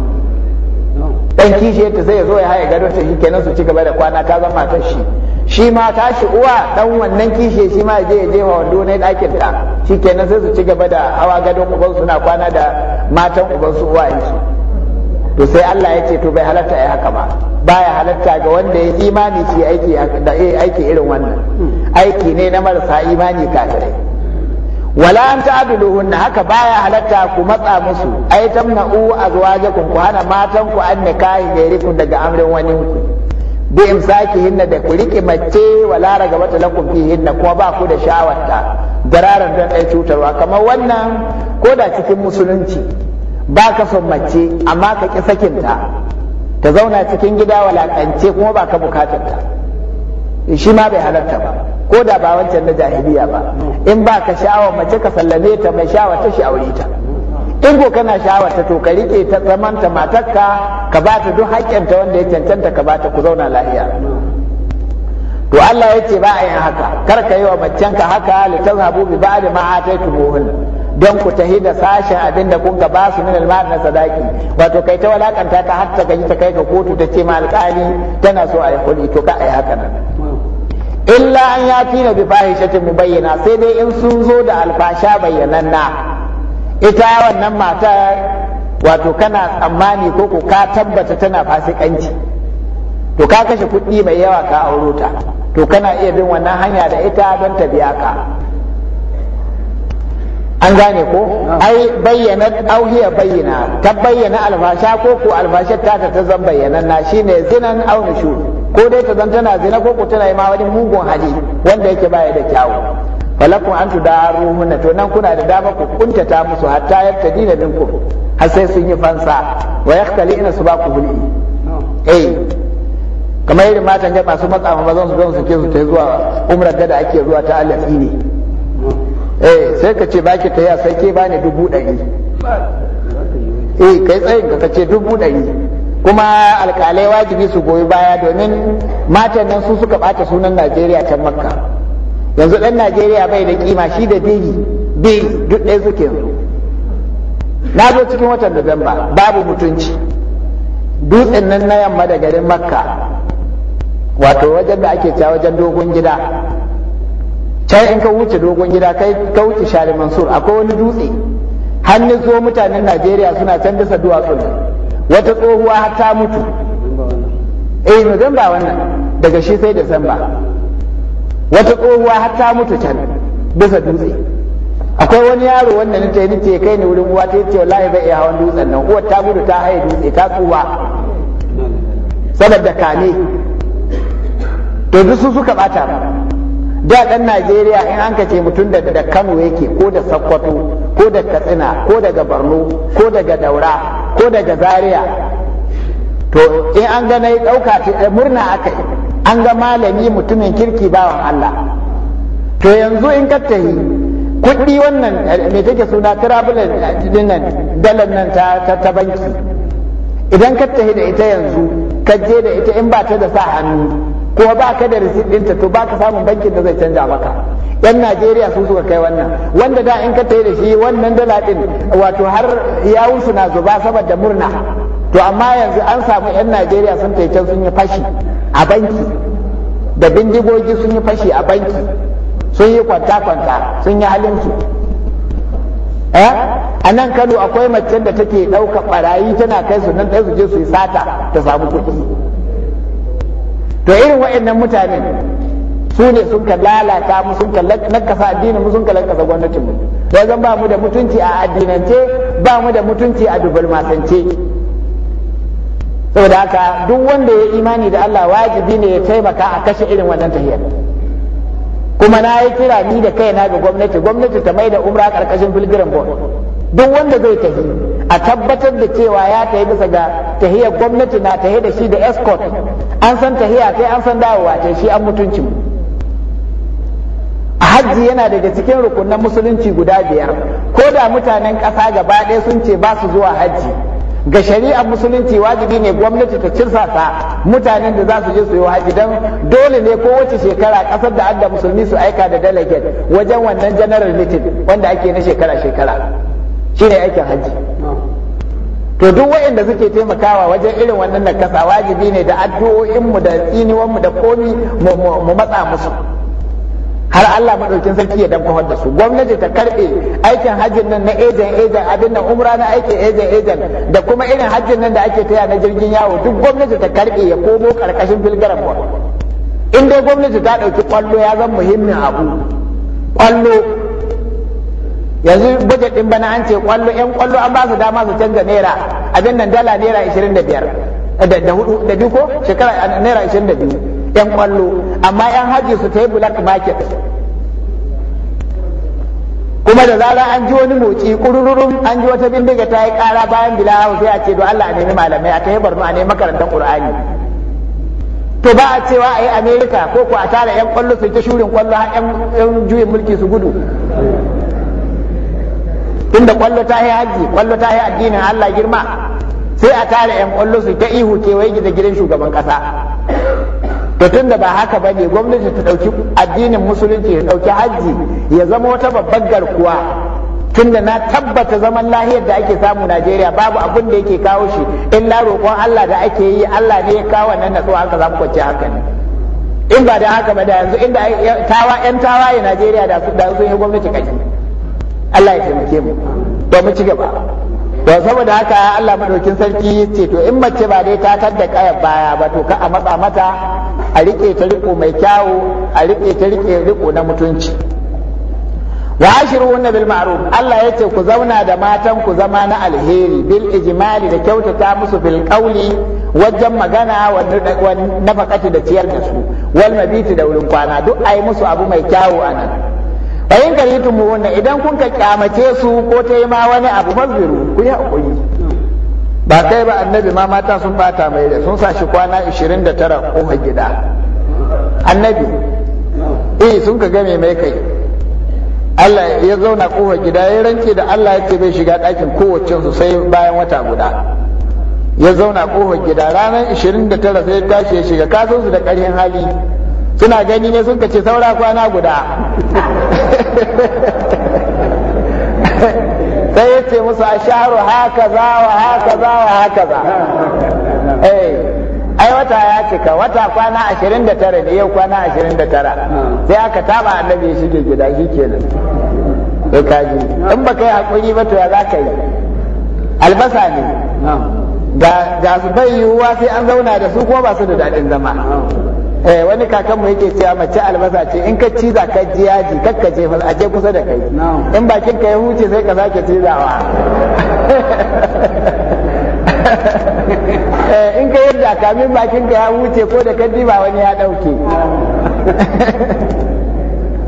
Ɗan kishi ta sai zo ya haye gado ta shikenan su ci gaba da kwana ta zama ta shi shi ma ta shi uwa ɗan wannan kishi shi ma je ya wa wando na ɗakin ta shikenan sai su ci gaba da hawa gado uban suna kwana da matan uban su uwa su to sai Allah ya ce to bai halatta ya haka ba baya halatta ga wanda ya imani shi aiki da aiki irin wannan aiki ne na marasa imani kafirai wala an ta'diluhun haka baya halatta ku matsa musu ai tamna'u azwajakum ku hana matan ku an nikahi gairikun daga amrin wani ku bi hinna da ku rike mace wala ragabata lakum hinna kuma ba ku da shawarta dararar don ɗaya cutarwa kamar wannan ko da cikin musulunci ba ka son mace amma ka ki sakinta ta zauna cikin gida walakance kuma ba ka bukatarta shi ma bai halarta ba ko da ba wancan na jahiliya ba in ba ka sha'awar mace ka sallame ta mai sha'awar ta aure ta in ko kana sha'awar ta to ka rike ta zamanta matarka ka ba ta duk haƙƙin ta wanda ya cancanta ka ba ta ku zauna lafiya to Allah ya ce ba a yin haka kar ka yi wa macen ka haka li tazhabu bi ba'd ma ataytumuhun don ku tahi da sashen abin da kun ba su min almar na sadaki wato kai ta walakanta ta hatta ga yi ta kai ka kotu ta ce ma alƙali tana so a yi kuɗi to ka a yi haka nan illa an ya tina bi fahishatin mubayyana sai dai in sun zo da alfasha bayyananna ita wannan mata wato kana tsammani ko ko ka tabbata tana fasikanci to ka kashe kuɗi mai yawa ka auro ta to kana iya bin wannan hanya da ita don ta biya ka an gane ko ai bayyana auhiya bayyana ta bayyana alfasha ko ko alfashar ta ta zan bayyana na shine zinan au nushu ko dai ta zan tana zina ko ko tana ma wani mugun hali wanda yake baya da kyawu falakun an tudaruhunna to nan kuna da dama ku kuntata musu hatta yaftadina ku? har sai sun yi fansa wa ba ku buli eh kamar irin matan ga masu matsafa mazan su don su ke su ta zuwa umrar da ake zuwa ta alafi ne eh sai ka ce baki a sai ke bani dubu ɗari eh kai tsayin ka ce dubu ɗari kuma alkalai wajibi su goyi baya domin matan nan su suka ɓata sunan najeriya can makka yanzu ɗan najeriya bai da kima shi da biri biri duk ɗaya suke yanzu na zo cikin watan nuwamba babu mutunci dutsen nan na yamma da garin makka wato wajen da ake cewa wajen dogon gida can in ka wuce dogon gida kai ka wuce share mansur akwai wani dutse hannun zo mutanen najeriya suna can dasa duwatsun wata tsohuwa ta mutu eh nuzamba wannan daga shi sai Desemba wata tsohuwa har ta mutu can bisa dutse akwai wani yaro wanda na tayi ce kai ne wurin uwa ta ce wallahi bai iya hawan dutsen nan uwar ta gudu ta haye dutse ta tsuwa saboda kane to duk su suka bata ba da ɗan Najeriya in an kace mutum da da Kano yake ko da Sokoto ko da Katsina ko daga Borno ko daga Daura ko daga Zaria to in an ga nayi dauka eh, murna akai an ga malami mutumin kirki bawan Allah to yanzu in ka tahi kuɗi wannan eh, me take suna travelin eh, dinnan dalan nan ta ta banki idan ka tahi da ita yanzu ka je da ita in ba ta da sa hannu ko ba ka da receipt ɗinta to ba ka samun bankin da zai canja maka yan najeriya sun suka kai wannan wanda da in ka tayi da shi wannan dala ɗin wato har ya yawunsu na zuba saboda murna to amma yanzu an samu yan najeriya sun tayi can sun yi fashi a banki da bindigogi sun yi fashi a banki sun yi kwanta-kwanta sun yi halinsu eh? a nan kano akwai macen da take ɗaukar ɓarayi tana kai su nan ɗaya su je su yi sata ta samu kuɗi to irin waɗannan mutanen su ne sun ka lalata mu sun ka nakasa addinin mu sun ka nakasa gwamnatin mu da zan ba mu da mutunci a addinance ba mu da mutunci a dubulmasance saboda haka duk wanda ya imani da Allah wajibi ne ya taimaka a kashe irin wannan tahiyar kuma na yi kira ni da kaina ga gwamnati gwamnati ta mai da umra karkashin pilgrim board duk wanda zai tafi a tabbatar da cewa ya tafi bisa ga tahiyar gwamnati na tahi da shi da escort an san tahiya kai an san dawowa ta shi an mutunci hajji yana daga cikin rukunan musulunci guda biyar ko da mutanen ƙasa gaba ɗaya sun ce ba su zuwa hajji ga shari'ar musulunci wajibi ne gwamnati ta sasa mutanen da za su je su yi hajji, don dole ne kowace shekara kasar da adda musulmi su aika da delegate wajen wannan general meeting wanda ake na shekara-shekara Shi ne aikin hajji. to duk waɗanda suke taimakawa wajen irin wannan kasa, wajibi ne da addu'o'inmu da tsiniwanmu da komi mu matsa musu har Allah madaukin sarki ya damkwahar da su gwamnati ta karbe aikin hajjin nan na ejen ejen abin nan umra na aikin ejen ejen da kuma irin hajjin nan da ake taya na jirgin yawo duk gwamnati ta karbe ya komo karkashin filgaran in dai gwamnati ta dauki kwallo ya zama muhimmin abu kwallo yanzu budget din bana an ce kwallo yan kwallo an ba su dama su canza naira abin nan dala naira 25 eh, da da hudu da biyu ko shekara eh, naira 22 yan kwallo amma yan haji su ta yi black market kuma da zara an ji wani motsi kurururun an ji wata bindiga ta yi kara bayan bilawa sai a ce don Allah a nemi malamai a yi barno a nemi makarantar Qur'ani to ba a cewa a yi America ko ko a tara yan kwallo su ta shurin kwallo har yan juyin mulki su gudu tunda kwallo ta yi haji kwallo ta yi addinin Allah girma sai a tare yan kwallo su ta ihu wai gida gidan shugaban kasa to tunda ba haka bane gwamnati ta dauki addinin musulunci ta dauki haji ya zama wata babbar garkuwa tunda na tabbata zaman lahiyar da ake samu Najeriya babu abin da yake kawo shi illa roƙon Allah da ake yi Allah ne ya kawo nan natsuwa haka za kwace haka ne in ba da haka ba da yanzu inda tawa yan tawaye Najeriya da su da sun yi gwamnati kashi Allah ya taimake mu to mu ci gaba to saboda haka Allah madaukin sarki ce to in mace ba dai ta da kaya baya ba to ka a matsa mata a rike ta riko mai kyau a rike ta rike riko na mutunci wa ashiruhunna bil ma'ruf Allah ya ce ku zauna da matan ku zama na alheri bil ijmali da kyautata musu bil qauli wajen magana wa nafakati da ciyar da su wal mabiti da wurin kwana duk ai musu abu mai kyawu anan bayan karitu mu wannan idan kun ka kyamace su ko ta yi ma wani abu maziru ku yi hakuri ba kai ba annabi ma mata sun bata mai da sun sa shi kwana 29 ko gida annabi eh sun ka game mai kai Allah ya zauna kofa gida ya rance da Allah ya ce bai shiga ɗakin kowacin su sai bayan wata guda ya zauna kofa gida ranar 29 sai ya tashi ya shiga su da ƙarfin hali suna gani ne sun ce saura kwana guda sai ya ce musu a sharo haka za wa haka za wa haka za eh, ai wata ya cika wata kwana ashirin da tara ne yau kwana ashirin da tara sai aka taba annabi ya shige gida shi kenan sai kaji in ba kai hakuri ba to ya za ka yi albasa ne ga su bai yiwuwa sai an zauna da su ko ba su da daɗin zama eh wani kakan mu yake cewa mace albasa ce in ka ciza ka ji yaji kar je a je kusa da kai in bakin ka ya huce sai ka sake cizawa eh, in ka yadda min bakin ka ya huce ko da kaddi ba wani ya dauke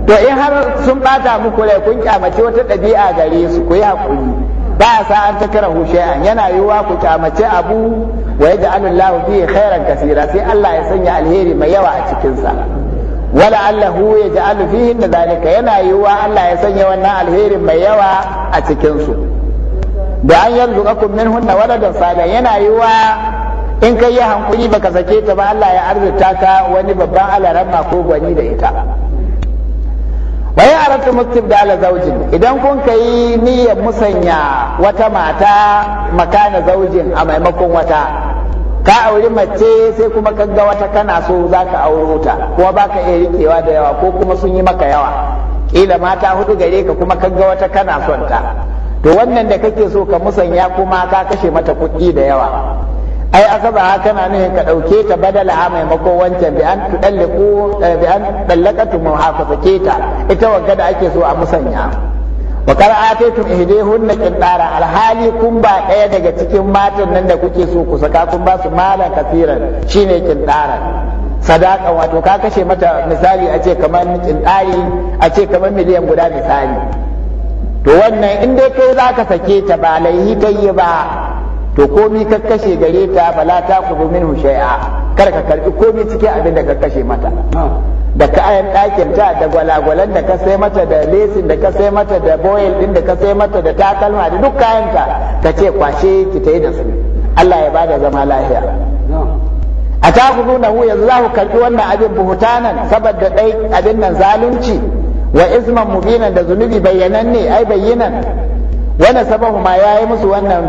to in har sun bata muku rai kun kyamace wata ɗabi'a gare su ku yi hakuri ba sa an takrahu shay'an yana yiwuwa ku kyamace abu wa yaj'alu Allah fihi khairan kaseera sai Allah ya sanya alheri mai yawa a cikin sa wala allahu alufi fihi dalika yana yiwuwa Allah ya sanya wannan alherin mai yawa a cikinsu. su da an yanzu hunna wala da salihan yana yiwuwa in kai ya hankuri baka sake ta ba Allah ya arzuta ka wani babban alarama ko gwani da ita wai aratu mutum da zaujin idan kun kai niyyar musanya wata mata makana zaujin a maimakon wata ka auri mace sai kuma kaga wata kana so za ka auro ta kuma ba ka iya rikewa da yawa ko kuma sun yi maka yawa ƙila mata hudu gare ka kuma kaga wata kana son ta to wannan da kake so ka musanya kuma ka kashe mata kuɗi da yawa ai asaba haka na ne ka dauke ta badala ha maimakon wancan bi an tudalliku eh, bi an dallakatu muhafaza ta ita wagga da ake so a musanya wa kar ataytum ihdihunna qintara alhali kun ba daya daga cikin matan nan da kuke so ku saka kun ba su malan kafiran shine qintara sadaka wato ka kashe mata misali a ce kamar qintari a ce kamar miliyan guda misali to wannan in dai kai zaka sake ta ba laihi ta ba to komi ka kashe gare ta la ta kubu minhu shay'a kar ka karbi komi cikin abin da ka kashe mata da kayan ɗakin ta da gwalagwalan da ka sai mata da lesin da ka sai mata da boyel din da ka sai mata da takalma da duk kayan ta ka ce kwashe ki tayi da su Allah ya bada zama lafiya a ta ku na hu yanzu za ku karbi wannan abin buhutanan saboda ɗai abin nan zalunci wa isman mubinan da zunubi bayyanan ne ai bayyanan wani sabahu ma ya yi musu wannan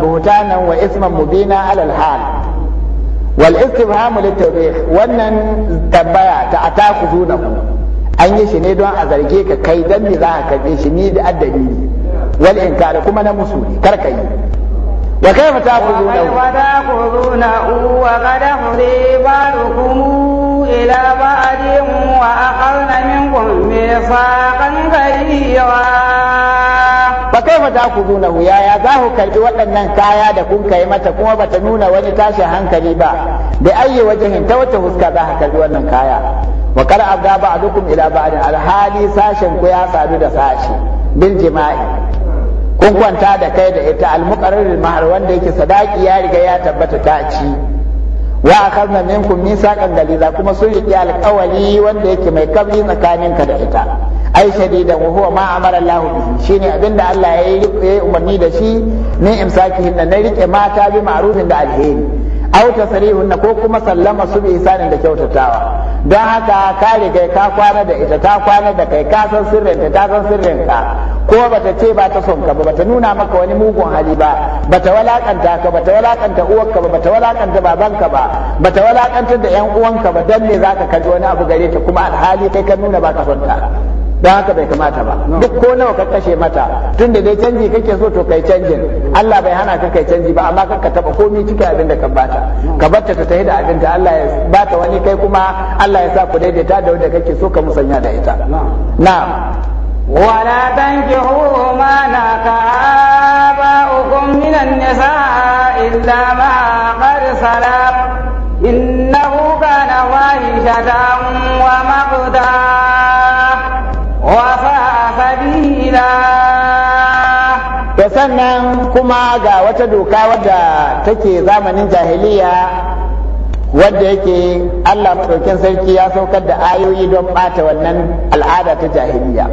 nan wa isman mubina alal hal wal istifhamu litarih wannan tambaya ta ataku dunahu an yi shi ne don a zarge ka kai dan me za ka karbe shi ni da addalili wal inkar kuma na musu kar ka wa kaifa ta'khudunahu wa wa qad ila wa akhadna minkum fa ku ta'khudunahu ya ya za ku karbi waɗannan kaya da kun kai mata kuma bata nuna wani tashin hankali ba da ayyi wajahin ta wata huska za ka karbi wannan kaya wa kar abda ba'dukum ila ba'd alhali sashen ku ya sadu da sashi bil jima'i kun kwanta da kai da ita almuqarrir mahar wanda yake sadaki ya riga ya tabbata ta ci wa akhadna minkum misaqan galiza kuma sun riƙe alƙawari wanda yake mai kabri tsakaninka da ita ai shadida wa huwa ma amara Allah bihi shine abinda Allah ya yi umarni da shi ne imsakihin na rike mata bi ma'rufin da alheri aw na ko kuma sallama su bi isanin da kyautatawa don haka ka riga ka kwana da ita ta kwana da kai ka san sirrin ta san sirrin ka ko bata ce ba ta son ka ba bata nuna maka wani mugun hali ba bata walakanta ka bata walakanta ka ba bata walakanta babanka ba bata walakanta da yan uwanka ba dan me zaka kaji wani abu gare ta kuma alhali kai ka nuna ba ka son ta don haka bai kamata ba duk ko nawa ka kashe mata tun da dai canji kake so to kai canji Allah bai hana ka kai canji ba amma ka taba komai cikin abin da ka bata ka bata ta tafi da abin da Allah ya bata wani kai kuma Allah ya sa ku daidaita da wanda kake so ka musanya da ita na ولا تنكحوا ما نكى آباؤكم من النساء إلا ما قد سلف إنه كان فاحشة ومقتا da sannan kuma ga wata doka wadda take zamanin jahiliya wadda yake Allah maɗaukin sarki ya saukar da ayoyi don ɓata wannan al'ada ta jahiliya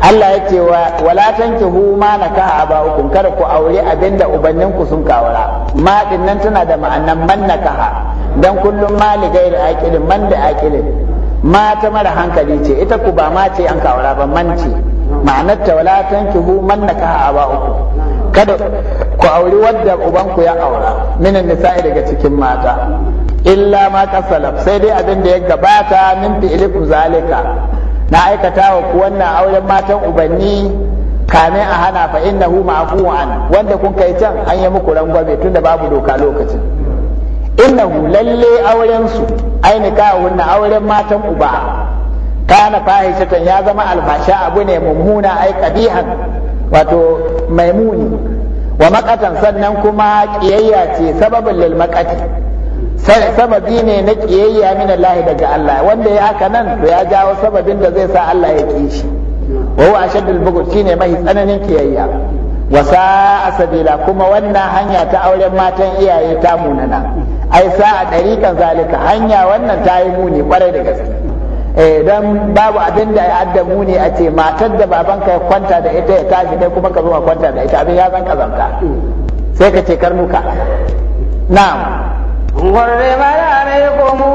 Allah ya ce wala hu ma na ba hukun kada ku aure abin abinda ubanninku sun kawara ma nan tana da ma'anan man nakaha dan kullum ma li gairi aqilin man da aqilin mata mara hankali ce ita ku ba ma ce an kawara ba man ce ma'anar ta wala tankihu man nakaha aba'uku kada ku auri wadda ubanku ya aura minan nisa'i daga cikin mata illa ma kasalaf sai dai abin da ya gabata min fi'likum zalika na aikata wa ku wannan auren matan ubanni kame a hana fa innahu ma'fuun an wanda kun kai can an yi muku rangwame tunda babu doka lokacin innahu lalle auren su ainika wannan auren matan uba kana fahishatan ya zama alfasha abu ne mummuna ai qabihan wato maimuni wa makatan sannan kuma kiyayya ce sababin lil makati sababi ne na kiyayya min Allah daga Allah wanda ya haka nan to ya jawo sababin da zai sa Allah ya ki shi wa huwa ashaddul bughd shine mai tsananin kiyayya wa sa'a sabila kuma wannan hanya ta auren matan iyaye ta munana ai sa'a dariƙan zalika hanya wannan ta yi muni kwarai da gaske Eh, dan babu abin da ya addamu ne a ce matar da babanka ya kwanta da ita ya tashi dai kuma ka zo kwanta da ita abin ya zan ka zanka sai ka ce karnuka na'am ne ko mu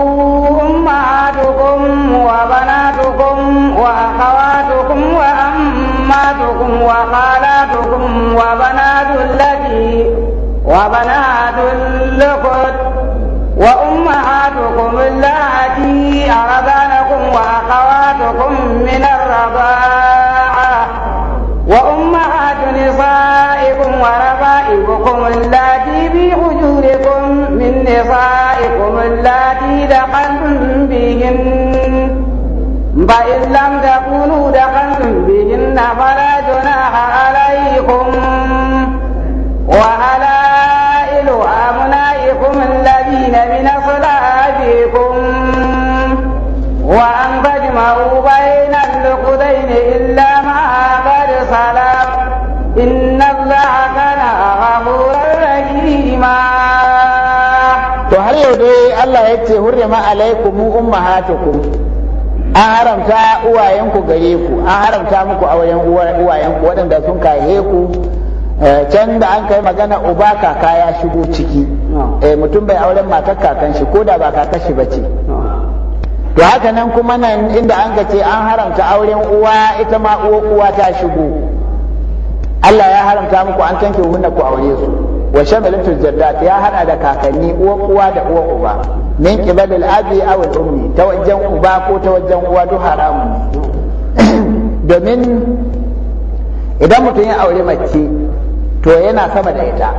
umma tukum wa bana tukum wa akawa tukum wa amma tukum wa kala tukum wa bana dullaki wa bana dullakot وأمهاتكم اللاتي أرضانكم وأخواتكم من الرضاعة وأمهات نسائكم وربائبكم اللاتي في حجوركم من نسائكم اللاتي دخلتم بهن فإن لم تكونوا دخلتم بهن فلا جناح عليكم وعلى الذين من أصلابكم وأن تجمعوا بين اللقدين إلا ما قد سلف إن الله كان غفورا رحيما to har yau dai Allah ya ce hurrima alaikum ummahatukum an haramta uwayenku gare ku an haramta muku auren uwayenku waɗanda sun kahe ku eh, can da an kai magana uba kaka ya shigo ciki eh mutum bai auren matar kakan shi ko da ba kakan shi bace to haka nan kuma nan inda an kace ce an haramta auren uwa ita ma uwa ta shigo Allah ya haramta muku an tanke hunna ku aure su wa shamalatul jaddat ya hada da kakanni uwa uwa da uwa uba min qibalil abi aw ummi ta uba ko ta uwa duk haramun domin idan mutum ya aure mace to yana sama da ita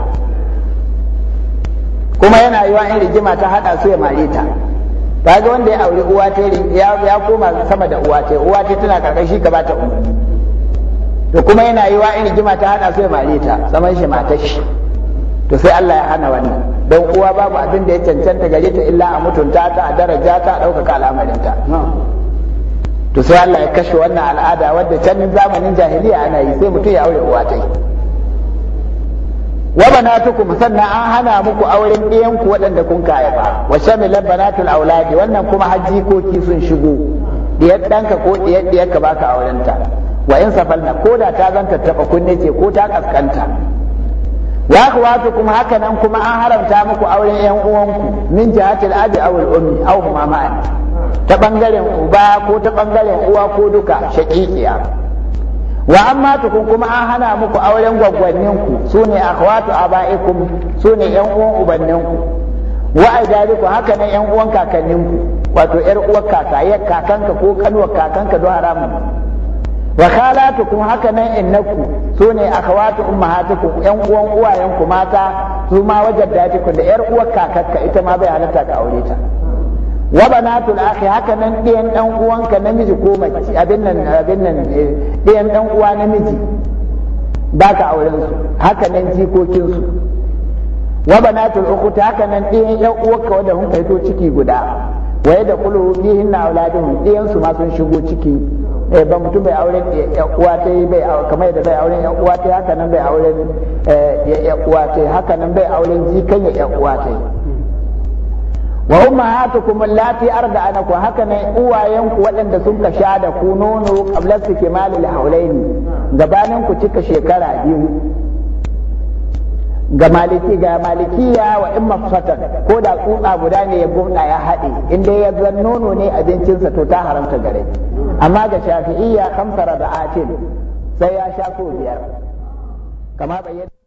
kuma yana wa in rigima ta haɗa su ya mare ta ba ga wanda ya auri uwa ta ya koma sama da uwa ta uwa ta tana karkashi ka bata umarni to kuma yana wa in rigima ta haɗa su ya mare ta saman shi mata shi to sai Allah ya hana wannan don uwa babu abin da ya cancanta gare ta illa a mutunta ta a daraja ta a ɗaukaka ta. to sai Allah ya kashe wannan al'ada wadda can zamanin jahiliya ana yi sai mutum ya aure uwa ta wa banatukum sannan an hana muku auren iyanku waɗanda kun kaya ba wa shamilan banatul auladi wannan kuma hajji koki sun shigo diyar ɗanka ko diyar ka baka auren ta wa in safalna ko da ta zanta taba kunne ce ko ta kaskanta wa kuma haka nan kuma an haramta muku auren ƴan uwanku min jihatil abi aw al ummi aw huma ta bangaren uba ko ta bangaren uwa ko duka shaƙiƙiya. wa amma kun kuma an hana muku auren gwaggwanninku ku ne akhwatu aba'ikum su ne yan uwan ubanninku wa aidariku haka ne yan uwan kakanninku wato yar uwar kaka yar kakanka ko kanuwar kakanka don haramu wa khalatukum haka nan innaku su ne akhwatu ummahatukum yan uwan uwayenku mata su ma wajadatikum da yar uwar kakarka ita ma bai halatta ka aure ta wa banatul akhi haka nan ɗiyan ɗan uwanka namiji ko mace abin nan abin nan eh, ɗiyan ɗan uwa namiji ba ka auren su haka nan jikokin su wa banatul ukhti haka nan ɗiyan ɗan uwanka wanda hun kai to ciki guda wa yadda kullu bihin na auladin ɗiyan su ma sun shigo ciki eh ba mutum bai auren ɗiyan uwa ta yi bai kamar yadda bai auren ɗiyan uwa ta haka nan bai auren ɗiyan eh, uwa ta haka nan bai auren jikan ɗiyan uwa ta wa ummahatukum allati arda'anakum haka ne uwayenku waɗanda sun ka sha da ku nono qabla istikmal al ne gabanin ku cika shekara biyu ga maliki ga malikiya wa in mafsatan ko da tsutsa guda ne ya gumda ya haɗe in dai ya zan nono ne abincinsa to ta haramta gare amma ga shafi'iyya kamsara da atin sai ya sha ko biyar kama bayyana